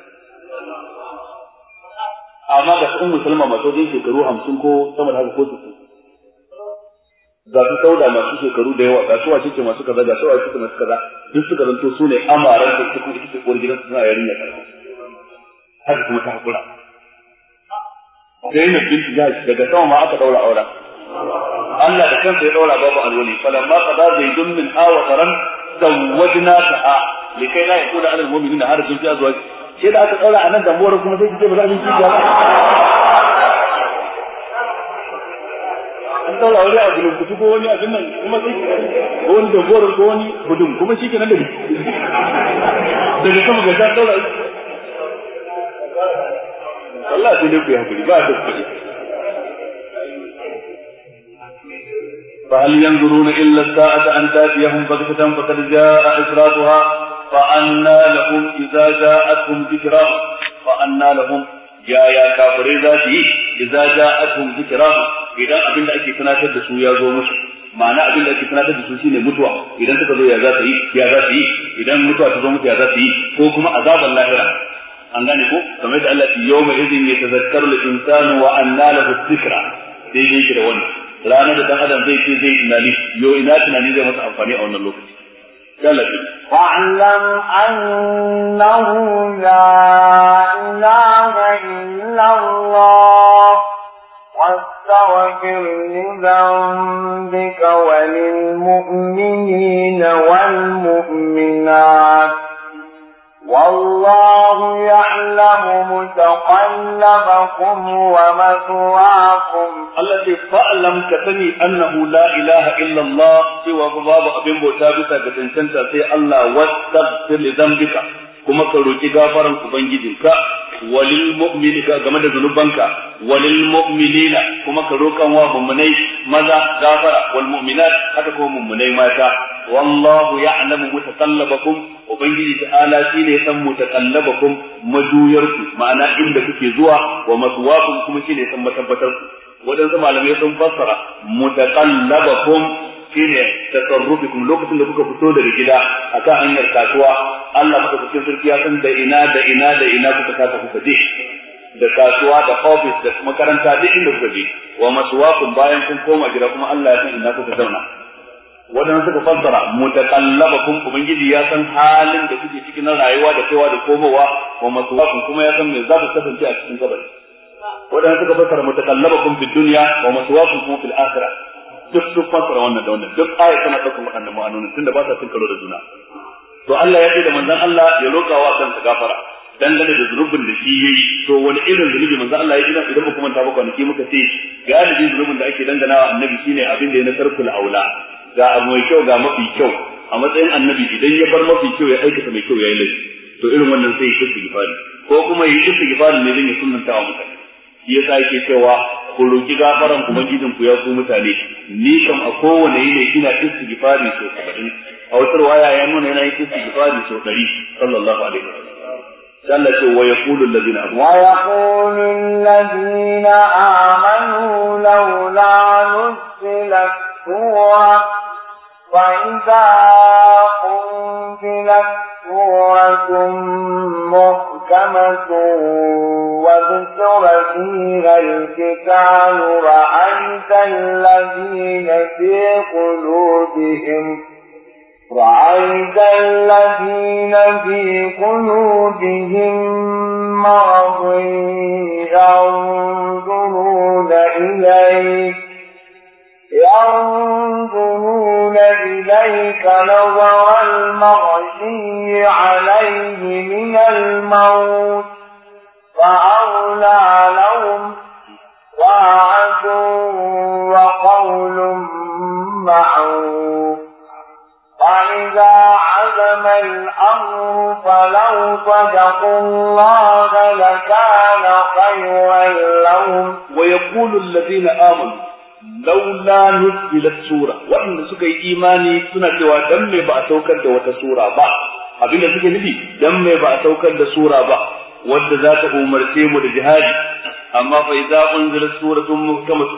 amma ga sun musulma masu wajen shekaru hamsin ko sama da haka ko su ga su sauda masu shekaru da yawa ga su wace ce masu kaza ga su wace ce masu kaza duk suka zanto su ne amaran da suka ita ce uwar gidansu suna yarinya karfi haka kuma ta haƙura Zainab bint Jash daga sama ma aka daura auren Allah da kansa ya daura babu alwali falamma qada zaidun min awqaran zawwajna ta'a likai la yakuna alal mu'minina harajun fi azwaj sai da aka daura anan da mora kuma sai kike ba za ba an wani a gulun ko wani abin nan kuma sai ko wani da ko wani gudun kuma shi nan da daga sama ga ta Allah sai dai ku yi hakuri ba da kuɗi فهل ينظرون إلا الساعة أن تأتيهم بغتة فقد جاء إشراطها فأنى لهم إذا جاءتهم ذكراهم فأنى لهم يا يا كافرين ذاتي إذا جاءتهم ذكراهم إذا أبن da تناشد ya zo musu, ma'ana abin da ake tunatar da su shine mutuwa idan suka zo ya za yi ya za su idan mutuwa zo musu ya za ko kuma azabar lahira an gane ko kamar yadda Allah ya yawma idin yatazakkaru al-insanu wa anna lahu dhikra dai dai shi da wannan ranar da dan adam zai ce zai tunani yo ina tunani zai masa amfani a wannan lokaci واعلم أنه لا إله إلا الله واستغفر لذنبك وللمؤمنين والمؤمنات والله يعلم متقلبكم ومثواكم الذي فألم كتني أنه لا إله إلا الله سوى باب أبن بوتابسة كتنسنت في الله واستغفر لذنبك kuma ka roki gafaran ubangijinka walil mu'minika game da zunubanka walil mu'minina kuma ka roƙan wa mummunai maza gafara wal mu'minat haka kuma mummunai mata wallahu ya'lamu mutaqallabakum ubangiji ala shine san mutaqallabakum majuyarku ma'ana inda kuke zuwa wa maswaakum kuma shine san matabbatarku wadansu malamai sun fassara mutaqallabakum shine tasarrufikum lokacin da kuka fito daga gida a akan hanyar kasuwa Allah kuka fito sarki ya san da ina da ina da ina kuka kasa kuka je da kasuwa da office da makaranta duk inda kuka je wa maswaqum bayan kun koma gida kuma Allah ya san ina kuka zauna wadanda suka fassara mutaqallabakum ubangiji ya san halin da kuke cikin rayuwa da kaiwa da komowa wa maswaqum kuma ya san me za ku kasance a cikin kabari wadanda suka fassara mutaqallabakum fid dunya wa maswaqum fil akhirah duk sun fasara wannan da wannan duk aya tana ɗaukar waɗannan ma'anonin tunda ba sa cin karo da juna to Allah ya ce da manzon Allah ya roƙa wa kansa gafara dangane da zunubin da shi ya yi to wani irin zunubi manzon Allah ya gina idan ba kuma ta ba kwanaki muka ce ga adadin zunubin da ake dangana wa annabi shine abin da ya na tarkul aula ga abu mai kyau ga mafi kyau a matsayin annabi idan ya bar mafi kyau ya aikata mai kyau ya yi laifi to irin wannan sai ya shirka gifari ko kuma ya shirka gifari ne zan yi sunanta wa mutane shi ya sa yake cewa ku roki gafaran ku bakin ku ya ku mutane ni kam a kowane yayi ina istighfari so kadin a wata riwaya ya nuna yana yin istighfari so kadin sallallahu alaihi wasallam sai wa yaqulu alladhina amanu wa yaqulu alladhina amanu law la nusila huwa وإذا أنزلت سورة محكمة وذكر فيها الكتاب رأيت الذين في قلوبهم رأيت الذين في قلوبهم مرض ينظرون إليك ينظرون إليك نظر المغشي عليه من الموت فأولى لهم طاعة وقول معروف وإذا عزم الأمر فلو صدقوا الله لكان خيرا لهم ويقول الذين آمنوا laula nuzila sura waɗanda suka yi imani suna cewa dan me ba a saukar da wata sura ba abinda suke nufi dan me ba a saukar da sura ba wanda za ta umarce mu da jihadi amma fa idza unzila suratun muhkamatu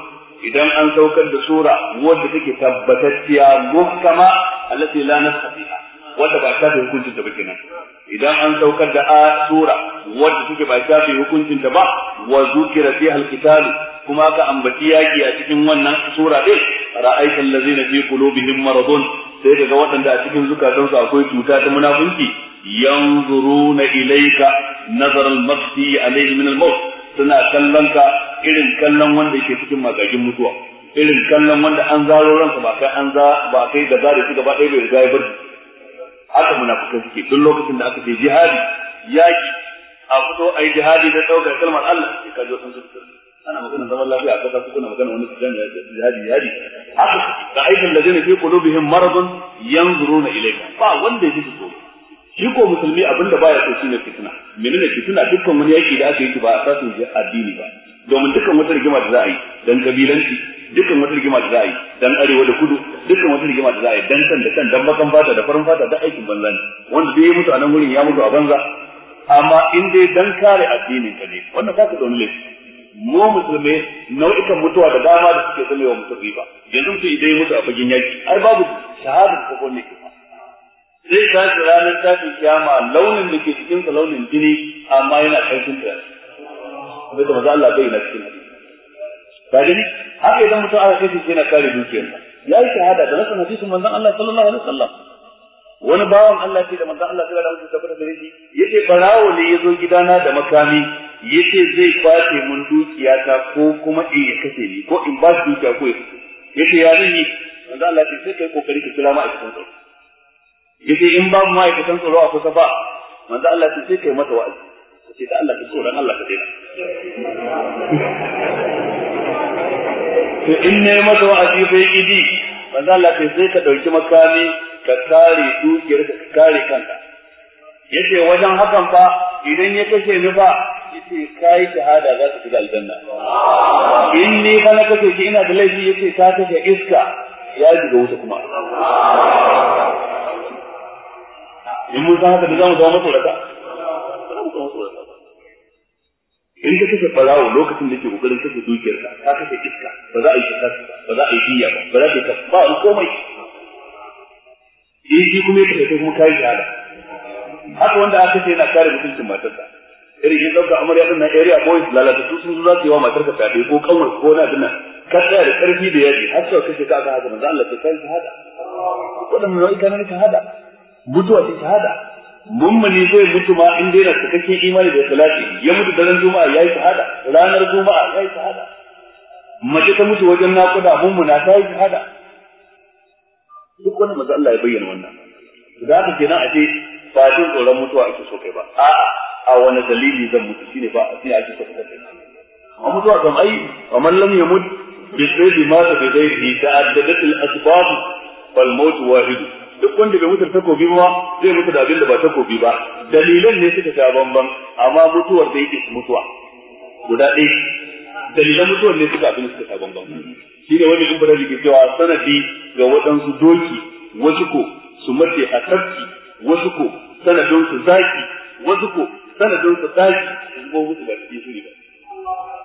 idan an saukar da sura wanda take tabbatacciya muhkama allati la nasfiha wanda ba shafe hukuncin ta ba kenan idan an saukar da a sura wanda take ba shafe hukuncin ta ba wa zukira fi alqitalu kuma ka ambaci yaki a cikin wannan sura din ra'aita allazina fi qulubihim maradun sai daga waɗanda a cikin zukatansu akwai cuta ta munafunci yanzuruna ilayka nazar al-mafti alayhi min al-maut suna kallon ka irin kallon wanda ke cikin magagin mutuwa irin kallon wanda an zaro ba kai an za ba kai da zare shi gaba ɗaya bai riga ya bar haka munafikai suke duk lokacin da aka ce jihadi yaki a fito ai jihadi da daukar kalmar Allah sai ka zo sun su ana magana zaman lafiya a kasa kuna magana wani su jami'a jihadi jihadi haka da aikin da zai fi qulubihim maradun yanzuruna ilayka ba wanda yake tsoro shi ko musulmi abin da baya so shine fitina menene fitina dukkan wani yaki da aka yi ba a sasin addini ba domin dukkan wata rigima da za a yi dan kabilanci dukkan wata rigima da za a yi dan arewa da kudu dukkan wata rigima da za a yi dan kan da kan dan bakan fata da farin fata da aikin banza ne wanda dai ya mutu a nan wurin ya mutu a banza amma in dai dan kare addinin ka ne wannan ka ka wani laifi mu musulmi nau'ikan mutuwa da dama da suke zama wa mutum riba yanzu mutum idan ya mutu a fagen yaki har babu shahadar ta kone ke sai ka ji ranar tashin kiyama launin da ke cikin ka launin jini amma yana karfin ta. Bai ta za Allah bai na cikin hadisi. ka haka idan mutum aka kashe shi yana kare sa ya yi shahada da nasan hadisin manzon Allah sallallahu alaihi wasallam wani bawan Allah ce da manzon Allah sallallahu alaihi wasallam da shi yace barawo ne yazo gidana da makami yace zai kwace mun dukiyata ko kuma in ya kashe ni ko in ba shi dukiya ko yace ya zan manzon Allah ke sai kai kokari ka kira ma'aikatan tsaro yace in ba ma'aikatan tsaro a kusa ba manzon Allah ke sai kai mata wa'azi sai da Allah ke tsoron Allah ka daina to in ne masa wa'azi bai idi manzo Allah sai sai ka dauki makami ka kare dukiyar ka kare kanka yace wajen hakan fa idan ya kashe ni fa yace kai shahada za ka shiga aljanna in ni fa na kashe ki ina da laifi yace ka kashe iska ya ga wuta kuma in mun san haka da zamu zama tsorata zamu zama in ka kashe barawo lokacin da ke kokarin kashe dukiyarka ka kashe iska ba za a yi shaka ba za a yi jiya ba ba za ka ba a komai in eh, shi kuma ya kashe kuma kai shahada haka wanda aka ce yana kare mutuncin matarsa irin yin ɗauka amarya ɗin na area boys lalata su sun zuwa su yi wa matarka fyaɗe ko kanwar ko na dina ka tsaya da ƙarfi da yaji har sau kashe ka aka haka manzo Allah ta kai shahada wadannan nau'ika na shahada mutuwa ce shahada mummuni zai mutu ma in dai da cikakken imani da salati ya mutu daren juma'a yayi shahada ranar juma'a yayi shahada mace ta mutu wajen naƙuda mummuna ta yi shahada duk wani maza Allah ya bayyana wannan da haka kenan a ce ba jin tsoron mutuwa ake so kai ba a'a a wani dalili zan mutu shine ba a ake so kai amma mutuwa kam ai amma lam yamut bi sayyi ma ta bi ghayrihi ta'addadat al asbab wal maut wahid duk wanda bai mutu takobi ba zai mutu da abin da ba takobi ba dalilan ne suka sha bamban amma mutuwar da yake mutuwa guda ɗaya dalilan mutuwar ne suka abin suka sha bamban shi ne wani kumfura da ke cewa sanadi ga waɗansu doki wasu ko su mace a tafki wasu ko sanadin su zaki wasu ko sanadin su zaki ko mutu ba su ba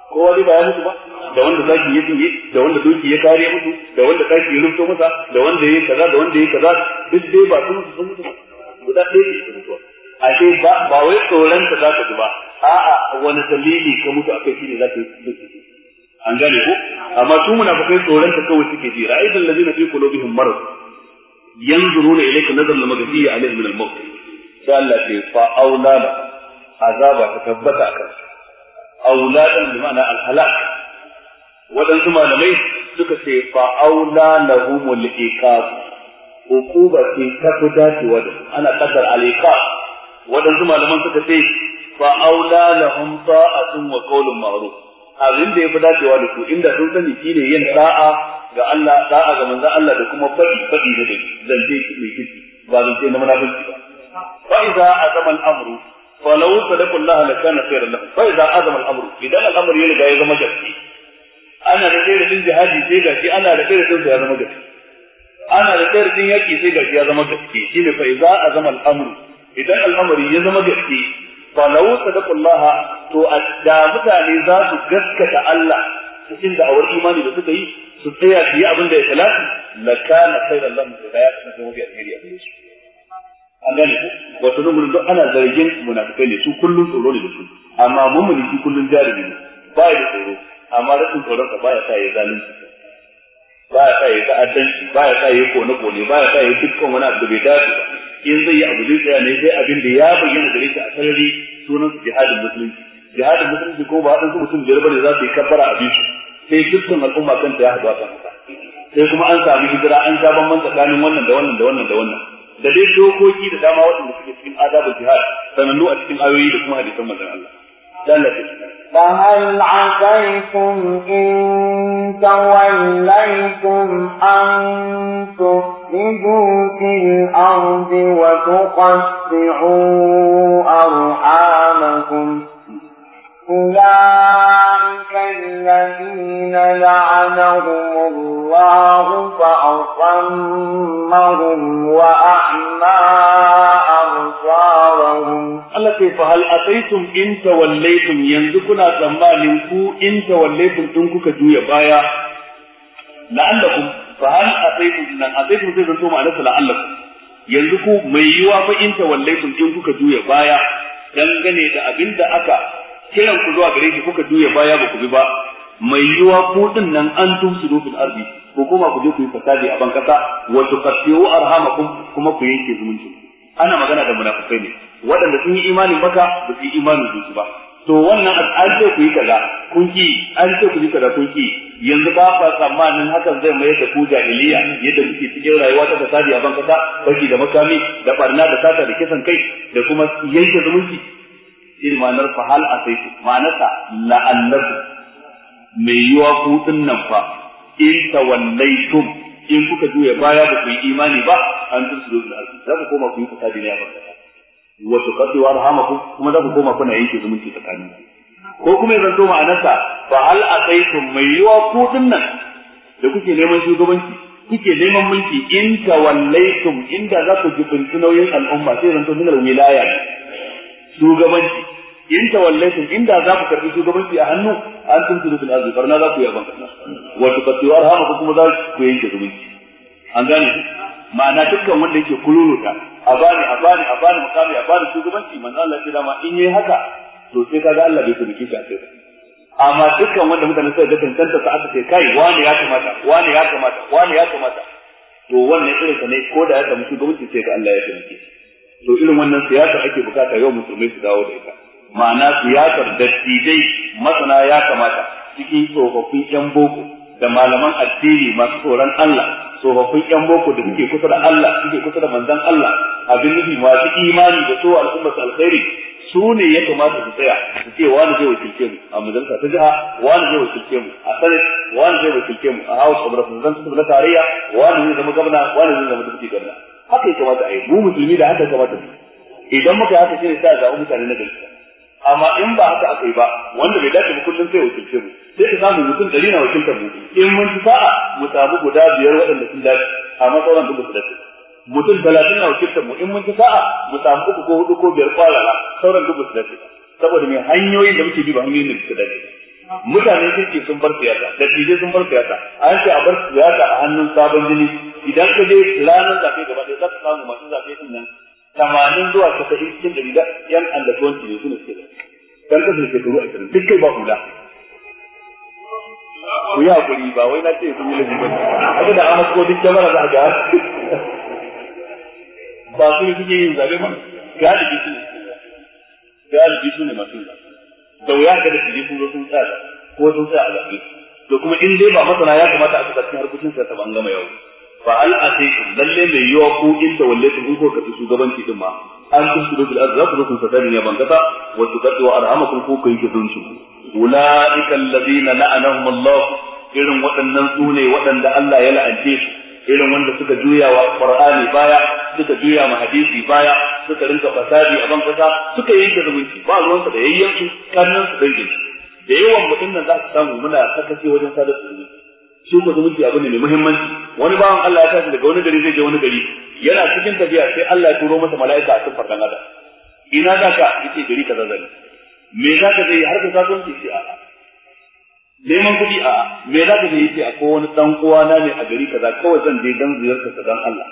kowa zai baya musu ba da wanda zaki ya dinge da wanda doki ya kare musu da wanda zaki ya rufto masa da wanda ya kaza da wanda ya kaza duk dai ba su sun mutu guda ɗaya ne su mutuwa ce ba ba wai tsoron ka zaka ji ba a'a wani dalili ka mutu akai shine zaka yi an gane ko amma su kai tsoron ka kawai suke ji ra'idan ladina fi qulubihim marad yanzuruna ilayka nazar al-maghfiyya alayhim min al-maut sai Allah ya fa aulana azaba ta tabbata akan su auladan bi ma'ana al-halak waɗansu malamai suka ce fa aula lahumul iqab uquba ce ta fi dace da ana kaddar al-iqab waɗansu malaman suka ce fa aula lahum ta'atun wa qawlun ma'ruf abin da ya fi dacewa da su inda sun sani shine yin da'a ga Allah da'a ga manzon Allah da kuma faɗi faɗi da dai zance mai kici ba zance na munafiki ba fa iza azama al-amru falau sadaqullaha la kana khairan lahu fa idza azama al-amr idan al-amr ya riga ya zama gaske ana da kai din jihadi sai gaske ana da kai din ya zama gaske ana da kai din yaki sai gaske ya zama gaske shine fa idza azama al-amr idan al-amr ya zama gaske falau sadaqullaha to da mutane za su gaskata Allah cikin da'awar imani da suka yi su tsaya su yi abin da ya salatu la kana khairan lahum da ya kasance mafi alheri a gare an gane ku wato nan gurin duk ana zargin munafikai ne su kullun tsoro ne da su amma mummuni shi kullun jarumi ne ba ya tsoro amma rashin tsoron sa ba ya sa ya zalunci ba ya sa ya ta'addanci ba ya sa ya kone kone ba ya sa ya dukkan wani abu da bai dace ba in zai yi abu zai tsaya ne sai abin da ya bayyana gare shi a sarari sunan jihadin musulunci jihadin musulunci ko ba waɗansu mutum biyar bane za su yi kabbara a bisu sai dukkan al'umma kanta ya haɗu a kan sai kuma an sami hijira an sha man tsakanin wannan da wannan da wannan da wannan da dai dokoki da dama waɗanda suke cikin adabul jihad sanannu a cikin ayoyi da kuma hadisan manzon Allah فهل عسيتم إن توليتم أن تفسدوا في الأرض وتقطعوا أرحامكم أولئك الذين لعنهم الله فأصمهم وأعمى أبصارهم Allah ce fa hal ataitum in tawallaytum yanzu kuna tsammanin ku in tawallaytum din kuka juya baya la'allakum fa hal ataitum nan ataitum zai zanto ma'ana su la'allakum yanzu ku mai yiwa fa in tawallaytum din kuka juya baya dangane da abinda aka kiran ku zuwa gare shi kuka juya baya ba ku bi ba mai yiwa ku din nan an su fil arzi ko kuma ku je ku yi fasadi a ban kasa wa tuqatti'u arhamakum kuma ku yanke zumunci ana magana da munafikai ne waɗanda sun yi imanin baka ba su yi imanin zuci ba to wannan an ce ku yi kaza kun ki an ce ku yi kaza kun ki yanzu ba fa tsammanin hakan zai mayar da ku jahiliya yadda kuke cikin rayuwa ta fasadi a ban kasa baki da makami da barna da sata da kisan kai da kuma yanke zumunci In ma'anar fa hal asaitu ma'anarsa la'allaku mai yiwa ku nan fa in tawallaitum in kuka juya baya ba ku yi imani ba an tusiru da arzi za ku koma ku yi fasadi ne a bakka wa tuqaddu arhamakum kuma za ku koma kuna yanke zumunci tsakanin ko kuma ya zanto ma'anarsa fa hal asaitum mai yiwa ku nan da kuke neman shugabanci kuke neman mulki in tawallaitum inda za ku jibinci nauyin al'umma sai zanto min al-wilaya shugabanci in tawallaytum inda za ku karbi shugabanci a hannu an tuntu bil ardi barna za ku yaban kana wa tuqaddu arhama ku kuma za ku yanke zumunci an gane ma'ana dukkan wanda yake kululuta a bani a bani a bani mukami a bani shugabanci manzo Allah ya dama in yayi haka to sai kaga Allah bai tabbaki shi sai amma dukkan wanda mutane suka ga tantance sa aka ce kai wani ya kamata wani ya kamata wani ya kamata to wannan irin sa ne ko da ya samu shugabanci sai ga Allah ya tabbaki to irin wannan siyasa ake bukata yau musulmai su dawo da ita ma'ana siyasar dattijai masana ya kamata cikin tsofaffin yan boko da malaman addini masu tsoron Allah tsofaffin yan boko da suke kusa da Allah suke kusa da manzon Allah abin nufi masu imani da so al'ummar alkhairi su ne ya kamata su tsaya su ce wani zai wakilce mu a majalisa ta jiha wani zai wakilce mu a sanat wani zai wakilce mu a house of representatives na tarayya wani zai zama gwamna wani zai zama deputy gwamna haka ya kamata a yi mu musulmi da haka ya kamata idan muka haka shi ne sa zaɓi mutane na gaskiya amma in ba haka aka yi ba wanda bai dace ba kullum sai wakilce mu sai ka samu mutum dari na wakiltar mu in mun ci sa'a mu samu guda biyar waɗanda sun dace amma sauran duk su dace mutum talatin na wakiltar mu in mun ci sa'a mu samu uku ko hudu ko biyar kwarara sauran duk su dace saboda mai hanyoyin da muke bi ba hanyoyin da suka dace mutane sun ce sun bar siyasa dattijai sun bar siyasa an ce a bar siyasa a hannun sabon jini idan ka je ranar zaɓe gaba ɗaya za ka samu masu zaɓe ɗin nan tamanin zuwa casa'in cikin ɗari da yan allatuwanci ne su ne suke da dan kasan shekaru ashirin duk kai ba da ku yi hakuri ba wai na ce kun yi lafi ba haka da an ko duk kyamara za a ga ba su ne suke yin zabe ba galibi su ne galibi su ne masu yin da wuya ga da su zo sun tsada ko sun tsaya a zabe da kuma in dai ba masana ya kamata a kasance harkokin sa ta bangama yau fa al asaikum lalle mai yiwa ko in ta walle ku ko ka gabanci din ma an tusbiru bil a zaku ku fasadin ya bangata wa tuqatu arhamakum ku kai kidunci ulaika alladhina la'anahum Allah irin waɗannan sune waɗanda Allah ya la'ance su irin wanda suka juya wa Qur'ani baya suka juya ma hadisi baya suka rinka fasadi a bangata suka yi da zumunci ba ruwan sa da yayyansu kannan su dangin da yawan mutum nan za su samu muna sakace wajen sadar zumunci cimma zumunci abu ne mai muhimmanci wani bawan Allah ya tashi daga wani gari zai je wani gari yana cikin tafiya sai Allah ya turo masa mala'ika a tuffar dan adam ina za ka yace gari kaza zan me za ka zai har ka kasuwanci sai a'a neman kuɗi a me za ka zai yace ko wani dan uwana ne a gari kaza kawai zan je dan ziyarta ka dan Allah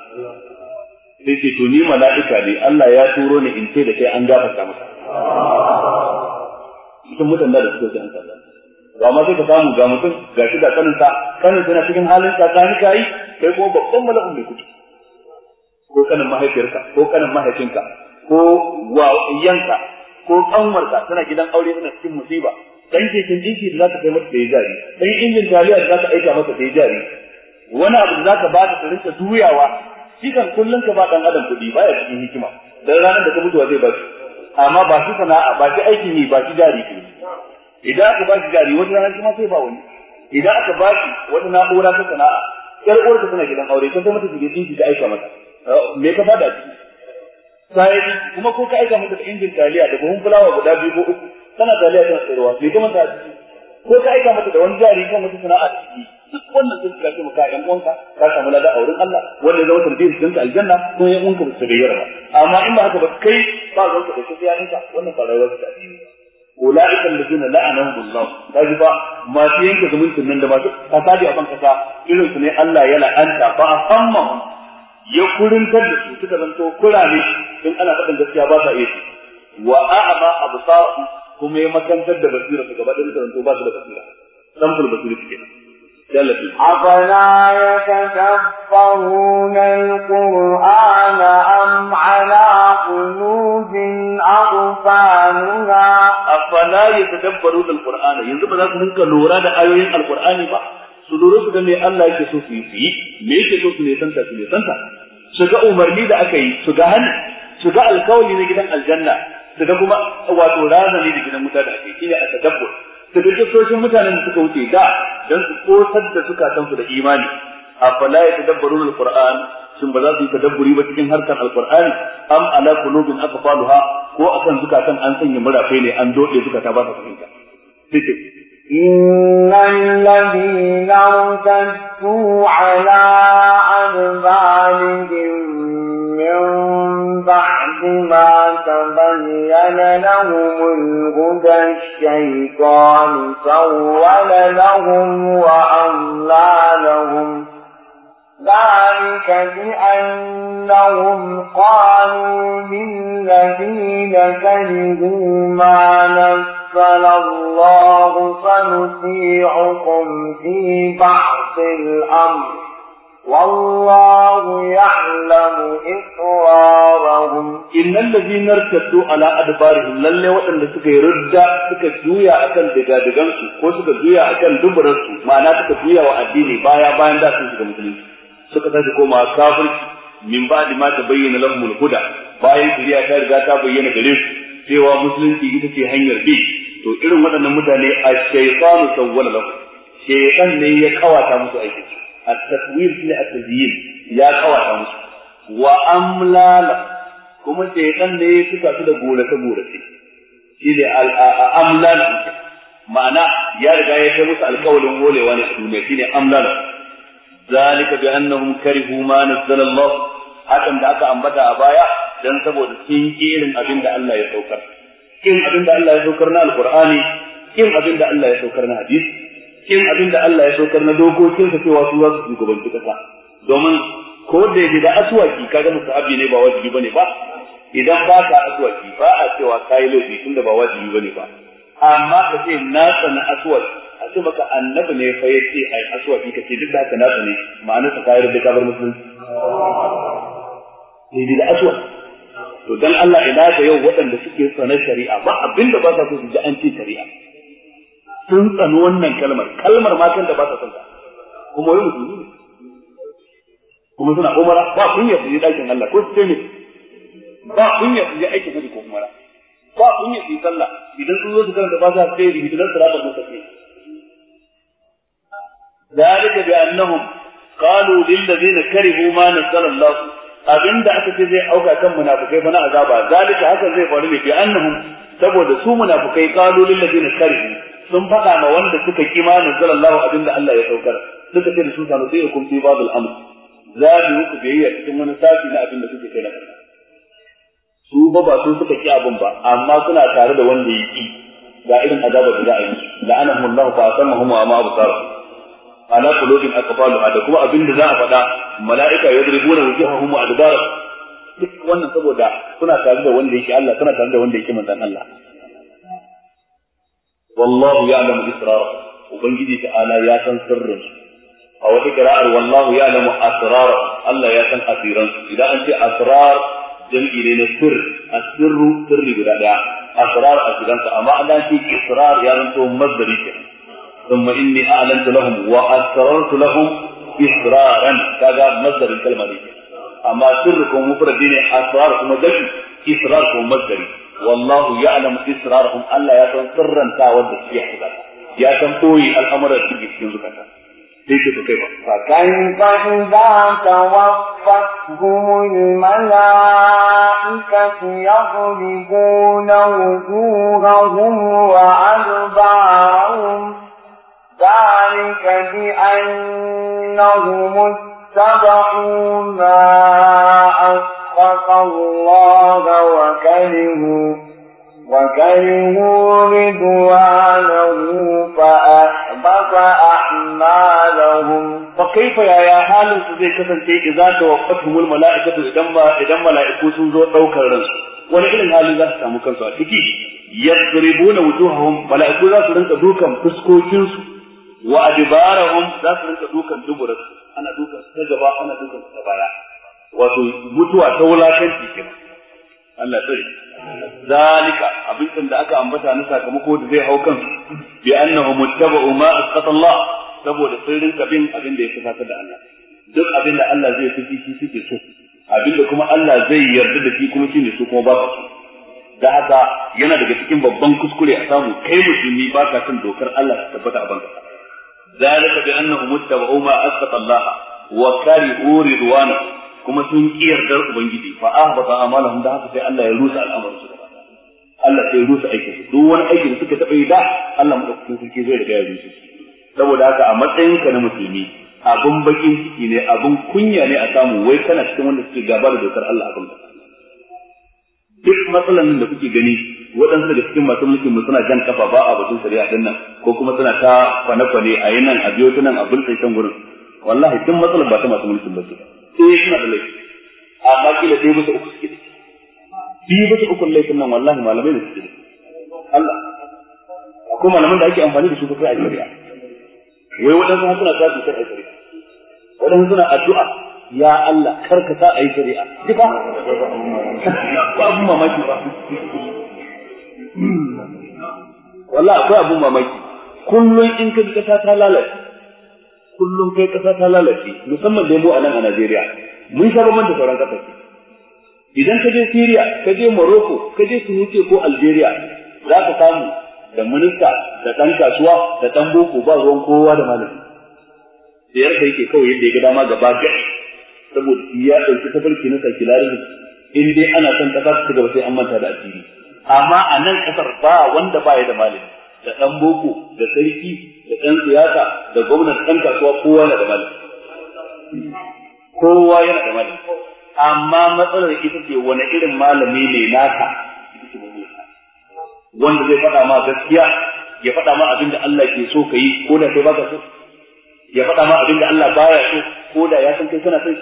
sai ce to ni mala'ika ne Allah ya turo ni in ce da kai an gafarta maka cikin mutan da suke an kaza ga sai ka samu ga mutum ga shi da kanunsa. kaninsa suna cikin halin tsakani ka yi kai kuma babban mala'un mai kuɗi ko kanin mahaifiyarka ko kanin mahaifinka ko wa ko kanwarka tana gidan aure tana cikin musiba dan keken dinki da zaka kai mata da jari dan injin taliya da zaka aika mata da jari wani abu da zaka ba ta rinka juyawa shi kan kullun ka ba dan adam kuɗi baya cikin hikima dan ranar da ka mutuwa zai ba shi amma ba shi sana'a ba shi aikin yi ba shi jari ke idan aka ba gari wani wata kuma sai ba wani idan aka ba shi wata na'ura ta sana'a yar uwar ta tana gidan aure ta mata su gidi da aika mata me ka fada ciki sai kuma ko ka aika mata da injin taliya da buhun fulawa guda biyu ko uku tana taliya tana sayarwa me kuma ta ciki ko ka aika mata da wani jari kan wata sana'a da ciki duk wannan sun kace maka ƴan uwanka ka samu ladan a Allah wanda zama sanadiyar cikin aljanna ko ƴan uwanka ba su gayyara ba amma in ba haka ba kai ba zan ka da shi ya ninka wannan ba rayuwar ta ulaiikal ladina la'anahum Allah kaji ba masu yanke zumuncin nan da masu kasa da aban kasa irin su ne Allah ya la'anta ba musamman ya kurintar da su suka zanto kurare in ana faɗin gaskiya ba sa iya wa a'ma absarahum kuma ya makantar da basira su da ba su da basira samfur أفلا يتدبرون القرآن أم على قلوب أغفالها أفلا يتدبرون القرآن ينزل بذلك منك لورا دا آيوين القرآن با سلورو سجن الله يكي سوفي في ميكي سوفي نيسانتا في نيسانتا سجا أمرني دا أكي سجا هن سجا الكولي نجدن الجنة سجا كما واتو رازا نجدن متادحكي إلا أتدبر da dukkan mutanen da suka wuce da dan su kosar da zukatan su da imani a afala yatadabbaruna alquran shin ba za su yi tadabburi ba cikin harkar alquran am ala qulubin aqfaluha ko akan zukatan an sanya murafe ne an dode zukata ba su fahimta إن الذين ارتدوا على وزين لهم الهدى الشيطان سول لهم وأملى لهم ذلك بأنهم قالوا للذين كرهوا ما نزل الله سنطيعكم في بعض الأمر والله يعلم إسرارهم إن الذين ارتدوا على أدبارهم للي وأن سكا يرد سكا جويا أكل دقا دقانسو كو سكا جويا أكل دبرسو معنى سكا جويا وعديني بايا بايا دا سكا مثلين سكا تشكو ما كافر من بعد ما تبين لهم الهدى بايا shari'a ta جاتا بيين bayyana سيوا مسلم cewa musulunci ita ce hanyar bi to مدن waɗannan mutane a shaytanu sawwala lahu shaytan ne ya at-taswir shine at-tazyin ya kawata musu wa amlala kuma shaytan ne ya tuka su da gorace gorace shine al-amlal ma'ana ya riga ya kai musu alƙawarin golewa ne su ne shine amlala zalika bi da aka ambata a baya dan saboda sun irin abin da Allah ya saukar kin abin da Allah ya saukar na alqur'ani kin abin da Allah ya saukar na hadisi kin abin da Allah ya saukar na dokokinsa cewa su za su shugabanci kasa domin ko da yake da aswaki kaga musahabi ne ba wajibi bane ba idan ba ka aswaki ba a cewa kai laifi tunda ba wajibi bane ba amma ka ce na sana aswaki a ce maka annabi ne fa ya yace ai aswaki ka ce duk da haka na sane ma'ana ka kayar da kabar musulunci ne da aswaki to dan Allah ina ka yau waɗanda suke sanar shari'a ba abinda ba sa so su ji an ce shari'a sun tsani wannan kalmar kalmar ma kan da ba ta son ta kuma wai musulmi ne kuma suna umara ba kunya su je dakin Allah ko su ne ba kunya su je aikin hajji ko umara ba kunya su yi sallah idan sun zo su karanta ba za su sai hijirar sirata ko tafi ذلك بأنهم قالوا للذين كرهوا ما نزل الله abin da aka ce zai auka kan munafukai bana azaba zalika haka zai faru ne bi annahum saboda su munafukai qalu sun faɗa ma wanda suka ƙi kimanin sallallahu abin abinda Allah ya saukar suka ce da su sanu sai hukum fi babul amr za mu muku biyayya cikin wani sashi na abin da kuke kai na su ba ba su suka ƙi abin ba amma suna tare da wanda ya ƙi ga irin azabar da za a yi la'anahum Allah fa Amma abu ma absar ala qulubin aqfaluha da kuma abin da za a faɗa mala'ika ya yadribuna wujuhahum wa adbar duk wannan saboda suna tare da wanda ya ƙi Allah suna tare da wanda ya ƙi manzon Allah wallahu ya'lamu israrahum ubangiji ta'ala ya san sirrin su a wata qira'ar wallahu ya'lamu asrarahum Allah ya san asiran idan an ce na sir asirru sirri guda daya asrar asiran su amma an ce israr ya zanto masdari ke thumma inni a'lantu lahum wa asrartu lahum israran kaga masdarin kalma ne amma kuma kuma kuma والله يعلم إسرارهم ألا يتنطرن تاود السياح بك يتنطوي الأمر في السجد في ذكتا فكيف إذا توفتهم الملائكة يضربون وجوههم وأدبارهم ذلك بأنهم اتبعوا ما واتقى الله وكرهوا وكرهوا رضوانه فأحبط أعمالهم فكيف يا يا حال سيدي كسن إذا توقتهم الملائكة إذا إذا ملائكة سنزو أوكر رنسو wani irin hali za su samu kansu a ciki yadribuna wujuhahum mala'iku za su rinka dukan fuskokinsu wa adbarahum za su rinka dukan duburarsu ana ta ana ta baya wato mutuwa ta wulakanci kenan Allah tsare zalika abin da aka ambata na sakamako da zai hau kansu bi annahu muttaba'u ma asqata Allah saboda sun rinka bin abin da ya fata da Allah duk abin da Allah zai fi shi suke so abin da kuma Allah zai yarda da shi kuma shi ne su kuma ba su da haka yana daga cikin babban kuskure a samu kai musulmi ba ka kan dokar Allah ta tabbata a banka zalika bi annahu muttaba'u ma asqata Allah wa karihu ridwanahu kuma sun ki yardar ubangiji fa ahbata amalahum da haka sai Allah ya rusa al'amarin su Allah sai ya rusa aikin su duk wani aikin suka taɓa yi da Allah madaukakin sarki zai riga ya rusa saboda haka a matsayin ka na musulmi abun bakin ciki ne abun kunya ne a samu wai kana cikin wanda suke gaba da dokar Allah abin duk matsalan da kuke gani waɗansu daga cikin masu mulkin mu suna jan kafa ba a batun shari'a din nan ko kuma suna ta kwane-kwane a yi nan a biyo ta nan a bulta can gurin wallahi duk matsalan ba ta masu mulkin ba ce sai suna da laifi amma kila sai bisa uku suke da biyu bisa uku laifin nan wallahi malamai da suke da Allah akwai malaman da ake amfani da su kai a shari'a wai waɗansu har suna a shari'a waɗansu suna addu'a ya Allah karka sa a yi shari'a duka ba abun mamaki ba wallahi akwai abun mamaki kullum in ka ji ta lalace kullum kai ƙasa ta lalace musamman dai mu a nan a Najeriya mun sha da sauran ƙasashe idan ka je Syria ka je Morocco ka je Tunisia ko Algeria za ka samu da minista da ɗan kasuwa da ɗan boko ba ruwan kowa da malami da yarda yake kawai yadda ya ga dama gaba ga saboda ya ɗauki tafarki na sakilarisim in dai ana son ƙasa ta gaba sai an manta da addini. amma a nan ƙasar ba wanda ba ya da malami da ɗan boko da sarki da ɗan siyasa da gwamnan ɗan kasuwa kowa yana da mali kowa yana da mali amma matsalar ita ce wani irin malami ne naka wanda zai faɗa ma gaskiya ya faɗa ma abin da Allah ke so ka yi ko da kai baka so ya faɗa ma abin da Allah baya so ko da ya san kai kana son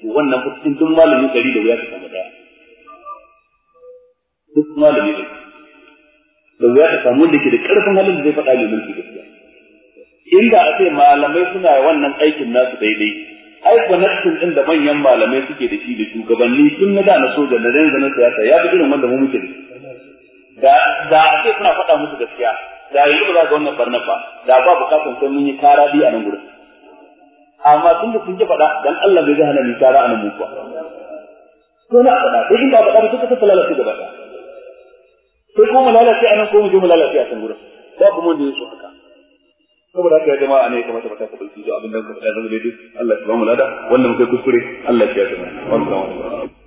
to wannan fa cikin duk malami gari da wuya ta samu daya duk malami ne da wuya ta samu da ke da ƙarfin halin da zai faɗa mai mulki da inda a ce malamai suna wannan aikin nasu daidai ai connection din da manyan malamai suke da shi da shugabanni tun na da na soja da dan na siyasa ya fi irin wanda mu muke da da da ake kuna suna faɗa musu gaskiya da yanzu ba za ga wannan barna ba da ba bukatun sai mun yi karadi a nan gurin amma tun da kun ji faɗa dan Allah bai hana ni kara a nan mu ba to na faɗa sai in ba faɗa ba suka tsala lalace gaba ɗaya sai kuma lalace a nan ko mu je mu lalace a can gurin ba kuma da yasu haka saboda haka ya jama'a ne kamata mata ka dauki abin da ka faɗa da zai duk Allah ya ba mu lada wannan kai kuskure Allah ya shafe mu wannan